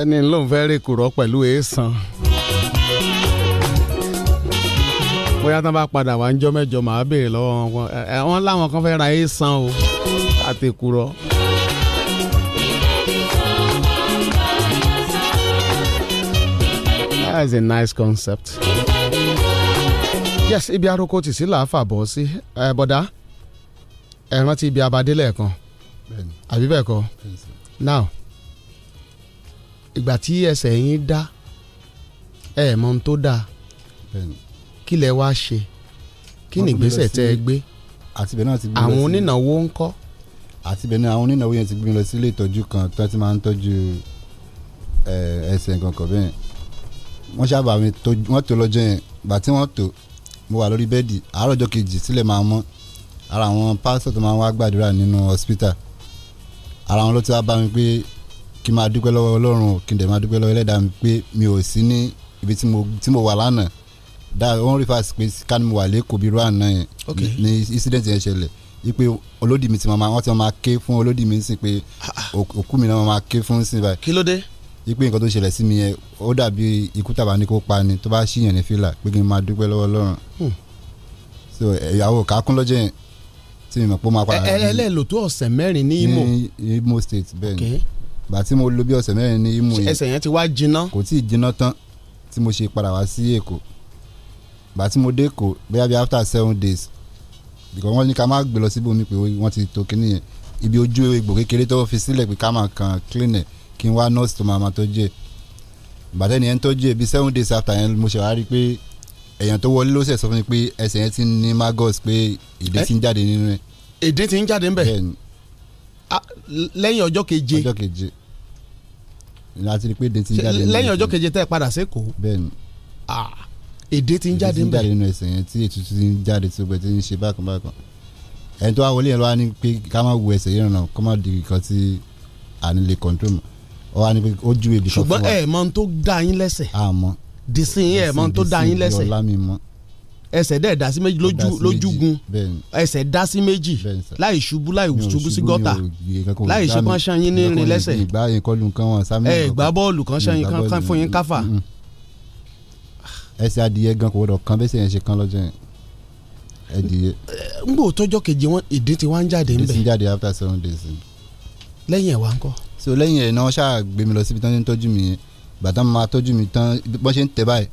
ẹni ló ń fẹ́ rí kùrọ̀ pẹ̀lú èèsàn bóyá tán bá padà wá ń mẹ́jọ màá béèrè lọ́wọ́ wọn ẹ wọn láwọn kan fẹ́ ra èèsàn o àti kùrọ̀. that is a nice concept. yes ibi aroko tì sí làáfà bọ́ sí ẹ bọ́dá ẹ rántí ibi abadé lẹ́ẹ̀kan àbí bẹ́ẹ̀ kọ́ now ìgbà tí ẹsẹ̀ yín dá ẹ mọ ohun tó dáa kí lẹ wá ṣe kí ni ìgbésẹ̀ tẹ́ ẹ gbé àwọn onínáwó ń kọ́. àti bẹ́ẹ̀ ni àwọn onínáwó yẹn ti gbé mi lọ sí ilé ìtọ́jú kan tí wọ́n ti máa ń tọ́jú ẹsẹ̀ nǹkan bẹ́ẹ̀ wọ́n ṣáàbà mi wọ́n tó lọ́jọ́ yẹn gbà tí wọ́n tó mo wà lórí bẹ́ẹ̀dì àárọ̀ ọjọ́ kejì sílẹ̀ máa mọ́ ara àwọn pásítọ̀ tó máa ń wá gbàdúrà nínú hospital ara wọn ló ti wá bá mi pé kí n máa dúpẹ́ lọ́wọ́ ọlọ́run kí n dẹ̀ máa dúpẹ́ lọ́wọ́ ẹlẹ́dàá mi pé mi ò sí ní ibi tí mo wà lánàá dá wọn rí fásitì pé ká ní mo wà lẹ́kọ̀ọ́ bí irú àná yẹn ní incident yẹn ṣẹlẹ̀ wípé olódì mi ti máa wọ́n ti máa ké fún olódì mi sí pé ah, ah. òkú mi náà máa ké fún sí báyìí. kí ló dé. wípé nǹkan tó ṣẹlẹ̀ sí mi yẹn ó dàbí ikú tàbá ní kó pa ni tó bá ṣìyàn ní fìlà pé kí n máa dúpẹ́ lọ́wọ́ ọlọ́run. Hmm. so ìyàwó kákún lọ́jọ́ yẹn tí mi mọ̀ pé ó máa padà. ẹ ẹ lẹ́ẹ̀ lò tó ọ̀sẹ̀ mẹ́rin ní Imo. ní Imo state bẹ́ẹ̀ ni bàtí mo lò bí ọ̀sẹ̀ mẹ́rin ní Imo yìí ẹsẹ̀ yẹn ti wá jiná kò tí ì jiná tán tí mo ṣe padà wá sí Èkó bàtí mo dé Èkó bóyá bí after seven days because wọ́n ní ká má gbé lọ síbi omi pé wọ́n ti to kíní yẹn ibi ojú egbò kékeré tó fi sílẹ̀ pé ká máa kàn clean ẹ̀ kí n wá nurse tó máa máa tọ́jú ẹ̀ bàtẹ́ ni ẹ̀ ń tọ́jú ẹ̀ bí seven days after yẹn mo ṣe wá rí i pé èèyàn tó wọlé ló ṣẹ̀ sọ fún mi pé ẹsẹ̀ yẹn ti ní magos pé èdè ti ń jáde nínú ẹ̀. èdè ti ń jáde ńbẹ̀ ah, lẹ́yìn ọjọ́ keje ọjọ́ keje láti rí pé èdè ti ń jáde nínú ẹsẹ̀ lẹ́yìn ọjọ́ keje tẹ́ ẹ padà sékòó bẹ́ẹ̀ni ah, èdè ti ń jáde nínú ẹsẹ̀ yẹn tí ètùtù ti ń jáde tí gbogbo ti ń ṣe bákan bákan ẹni tó wá wọlé yẹn ló wá ní pé ká má wo ẹsẹ̀ yẹn ràn kó má di nǹkan tí à ń lè control mọ́ ọ wá ní pé ó ju èdè kan fún wa. ṣùgbọ́n ẹ̀ mọ̀ tó dá yín lẹ́sẹ̀. àmọ́ disin ẹ̀ mọ̀ tó dá yín lẹ́sẹ̀. disin ọlámi mọ́ ẹsẹ̀ dẹ̀ dá sí méjì lójú lójúgun ẹsẹ̀ dá sí méjì láì ṣubú láì ṣubú sí gọ́tà láì ṣe kán ṣan yín ní rin lẹ́sẹ̀ ẹ gbá bọ́ọ̀lù kan ṣan yín kan fún yín káfà. ẹsẹ̀ adìyẹ gan kò wọ́dọ̀ kan bẹ́sẹ̀ yẹn ṣe kan lọ́jọ́ yẹn ẹdìyẹ. n bò tọjọ́ kejì wọn èdè tí wọn ń jáde ń bẹ. èdè tí ń jáde after seven days. lẹ́yìn ẹ̀ wá ń kọ́. so lẹ́yìn ẹ̀ náà ṣáà gbé mi lọ síbi tán ṣe ń tọ́jú mi yẹn bàtà máa tọ́jú mi tán bọ́n ṣe ń tẹ báyìí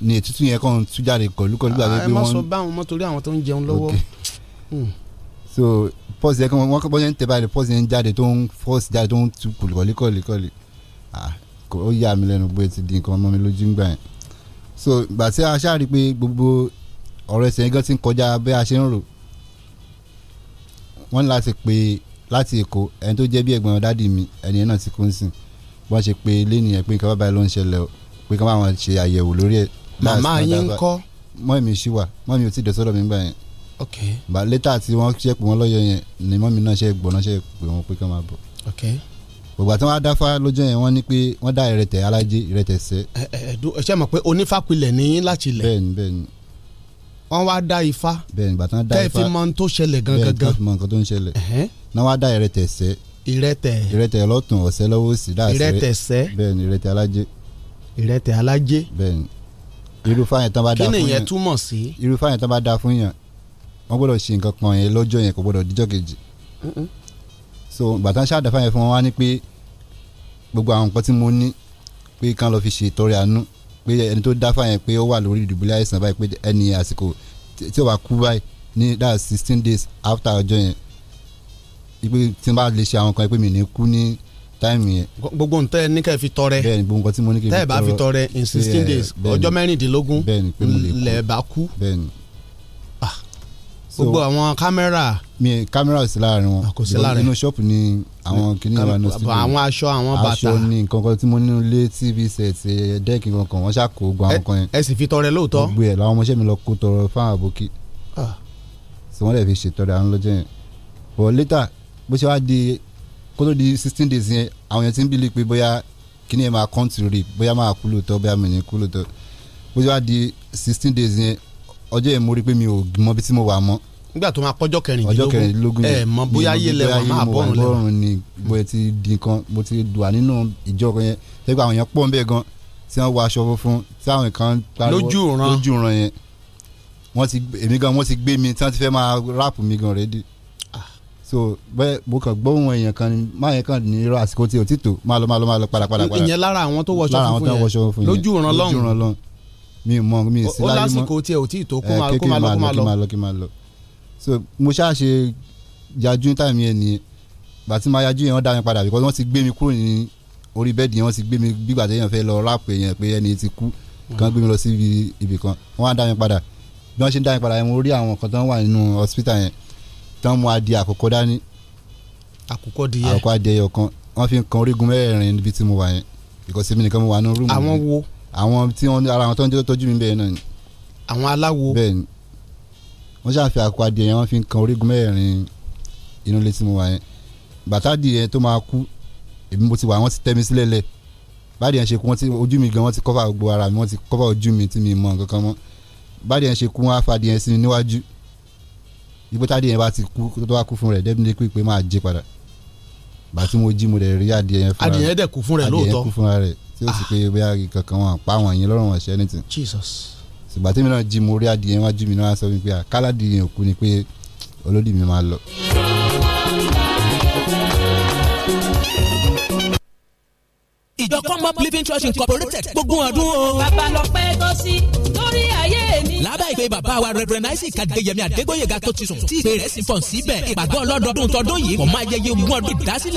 ni ètùtù yẹn kàn tú jáde kọlùkọlù gbàgbé pé wọ́n. ẹ má sọ báwọn mọ́ torí àwọn tó ń jẹun lọ́wọ́. Hmm. so pọ́sì yẹn kàn wọ́n kọ́ bọ́sì ń tẹ̀ báyìí pọ́sì yẹn jáde tó ń pọ́sì jáde tó ń tú kọlùkọlù ah, ó yà mí lẹ́nu pé ti di nǹkan ọmọ mi lójú gbà yẹn so gbà tí a rí i pé gbogbo ọ̀rọ̀ ẹ̀sìn ẹgán ti ń kọjá bí a ṣe ń rò wọ́n láti pè láti èkó ẹni tó jẹ́ bí ẹ̀gbọ́n dádì mi ẹni náà ti kú ń wọ́n ṣe pé lẹ́nu yẹn pé nǹkan bábáyé ló ń ṣẹlẹ̀ pé kí wọ́n máa ṣe àyẹ̀wò lórí ẹ̀ màmá yín ń kọ́. mọ́ mi ṣì wà mọ́ mi ò tí ì dé mi gbà yẹn. ok bá létà tí wọ́n ṣe pé wọ́n lọ́yọ̀ yẹn ni mọ́ mi náà ṣe gbọ́ná ṣe pé wọ́n pé kán máa bọ̀. ok gbogbo àti wọn adáfá lójú yẹn wọ́n ní pé wọ́n dá ìrẹtẹ̀ alájẹ ìrẹtẹ̀ sẹ. ẹ ẹ ẹ ṣe mọ̀ pé onífàpilẹ̀ ní láti ilẹ̀. bẹ́ẹ̀ni bẹ́ẹ̀ni wọ́n wá dá ifá bẹ́ẹ̀ nígbà tán dá ifá tẹ́ẹ̀fì mọ tó ṣẹlẹ̀ gangan bẹ́ẹ̀ tẹ́ẹ̀fì mọ nǹkan tó ń ṣẹlẹ̀ náà wá dá ìrẹtẹ̀ sẹ́ ìrẹtẹ̀ ìrẹtẹ̀ ọlọ́tún ọ̀sẹ́ lọ́wọ́ sí dáàsẹ́ ìrẹtẹ̀ sẹ́ bẹ́ẹ̀ ni ìrẹtẹ̀ alájẹ́ ìrẹtẹ̀ irú fáyẹn tán bá dá fún yàn kí nìyẹn túmọ̀ sí. irú fáyẹn tán bá dá fún yàn wọ́n gbọ́dọ̀ ṣe nǹkan kan yẹn lọ́jọ́ yẹn kò gbọ́dọ̀ díjọ́ kejì. so bàtà ṣáàdà fáyẹn fún wọn wá ní pé gbogbo àwọn nǹkan tí mo ní pé kán lọ fi ṣe ìtọrẹ àánú pé ẹni tó dá fáyẹn pé ó wà lórí ìdùbúlẹ̀ àìsàn báyìí pé ẹni àsìkò tí ó wà kú báyìí ní that's sixteen days after ọjọ́ yẹn ipe tí n bá lè ṣe àwọn kan pé mi ní kú ní táìmì yẹn. gbogbo ntẹ ní ká fi tọrẹ bẹ́ẹ̀ni gbogbo nǹkan tí mo ní ká fi tọrẹ tẹ bá fi tọrẹ in sixteen days ọjọ́ mẹ́rìndínlógún lẹ bá kú. bẹ́ẹ̀ni. Ah, gbogbo àwọn kámẹ́rà. mi kámẹ́rà ò sí láàrin wọn ah, kò sí láàrin inú ṣọ́ọ̀pù ni àwọn kìíní wa náà síbi àwọn aṣọ àwọn bàtà aṣọ ni nǹkan kan tí mo nínú ilé tv set dẹ́ẹ̀kì kankan wọ́n ṣàkó gbọ́ àwọn kan yẹn. ẹ sì fi tọrẹ lóòótọ́. gbogbo ẹ làwọn ọmọọṣẹ́ mi lọ kó tọrọ fáwọn àbókí. sọ wọn lè fi ṣètọrẹ àwọn lọ́jọ́ yẹn. bọ̀ létà bó ṣe wá di kó di sixteen days yẹn àwọn yẹn ti ń bílí pé bóyá kíní yẹn máa kọ́ńtì rè bóyá máa kú lóòótọ́ bóyá mi kú lóòótọ́ bó wá di sixteen days yẹn ọjọ́ yẹn mo rí pé mi ò mọ bí tí mo wà mọ́. nígbà tó máa kọjọ́ kẹrìndínlógún ẹ mọ bóyá yé lẹwà máa bọ́ọ̀rùn lẹwà bọ́ọ̀rùn ni bóyá ti di nǹkan mo ti wà nínú ìjọ yẹn lẹ́gbẹ̀ẹ́ àwọn yẹn pọ̀ ń bẹ̀ gan tí wọ́n wọ aṣọ funfun tí àwọn kan lójú ìran yẹn wọ́n ti èmi gan wọ́n ti gbé mi tí wọ́n ti fẹ́ máa ráàpù mi gan rẹ́dí so bẹ́ẹ̀ mo kàn gbóhùn èèyàn kan ni máa yẹn kàn ní irọ́ àsìkò tí o ti tò máa lọ máa lọ máa lọ padà padà padà. ìyẹn lára àwọn tó wọṣọ funfun yẹn lójú ìran lọ́hùn lójú ìran lọ́hùn mi mọ mi sí láyé mọ́ ó lásìkò tí ẹ ò tí ì tó kó máa lọ kó máa lọ kó máa lọ kó máa lọ so mo ṣáà ṣe yajú táìmì yẹn ni bàtí máa yajú yẹn wọ́n dá mi padà because wọ́n ti gbé mi kúrò ní orí bẹ́ẹ̀dì yẹn wọ́n ti gbé mi bí gbàtẹ́ yẹn fẹ́ lọ ráàpù yẹn pé ẹni ti kú kan gbé mi lọ sí ibì kan wọ́n á dá mi padà bí wọ́n ṣe ń dá mi padà yẹn mo rí àwọn kan tó ń wà nínú hospital yẹn tán mú adìẹ àkọ́kọ́ dání. àkọ́kọ́ adìẹ àkọ́kọ́ adìẹ ọ̀kan wọ́n fi kan orígun mẹ́rẹ̀ẹ̀rin níbi tí mo wà yẹn because èmi nìkan mo wà ní rúùmù. àwọn wo. àwọn tí wọn ara wọn tó ń jẹ́ tọ́jú mi bẹ́ẹ̀ náà ni. àwọn aláwo. bẹ́ẹ̀ ni wọ́n ṣàfihàn àkọ́kọ́ adìẹ yẹn wọ́n fi kan orígun mẹ́rẹ̀ẹ̀rin inú ilé tí mo wà yẹn bàtà adìẹ tó máa kú èmi mo ti wà wọ́n ti tẹ́ mi sílẹ̀ lẹ̀ báàdì yẹn ṣe kú wọ́n ti ojú mi gan wọ́n ti kọ́fà gbogbo ara mi wọ́n ti kọ́fà ojú mi tí mi mọ̀ nǹkan kan mọ́ báàdì yẹn ṣe kú wọ́n á fa sí mi níwájú ibi tádìẹ bá ti kú tó bá kú fún rẹ̀ dẹ́bi ní kú pé máa jẹ padà bá tí mo jí mo rẹ̀ rí adìẹ yẹn fúnra rẹ̀ adìẹ kú fún rẹ̀ lóòótọ́ adìẹ kú fúnra rẹ̀ tí ó sì pé ah. bóyá kankan wọn pa àwọn yẹn lọ́rùn wọn ṣẹ́ ní Jesus. ṣùgbọ́n tí mi náà jí mo rí adìẹ wájú mi náà sọ mi pé àkàlà ah, adìẹ òkú ni pé olódì mi máa lọ. ìjọ commonwealth living church incorporated gbogbo ọdún o. bàbá lọ pẹ́ tó sí lórí ayé mi. lábẹ́ ìpè bàbá wa reverend isaac adéyẹmí adégbòyega tó ti sùn tí ìpè rẹ̀ sì fọ̀n síbẹ̀ ìpàgọ́ ọlọ́dọọdún tọdún yìí kò máa yẹyẹ ogún ọdún ìdásílẹ̀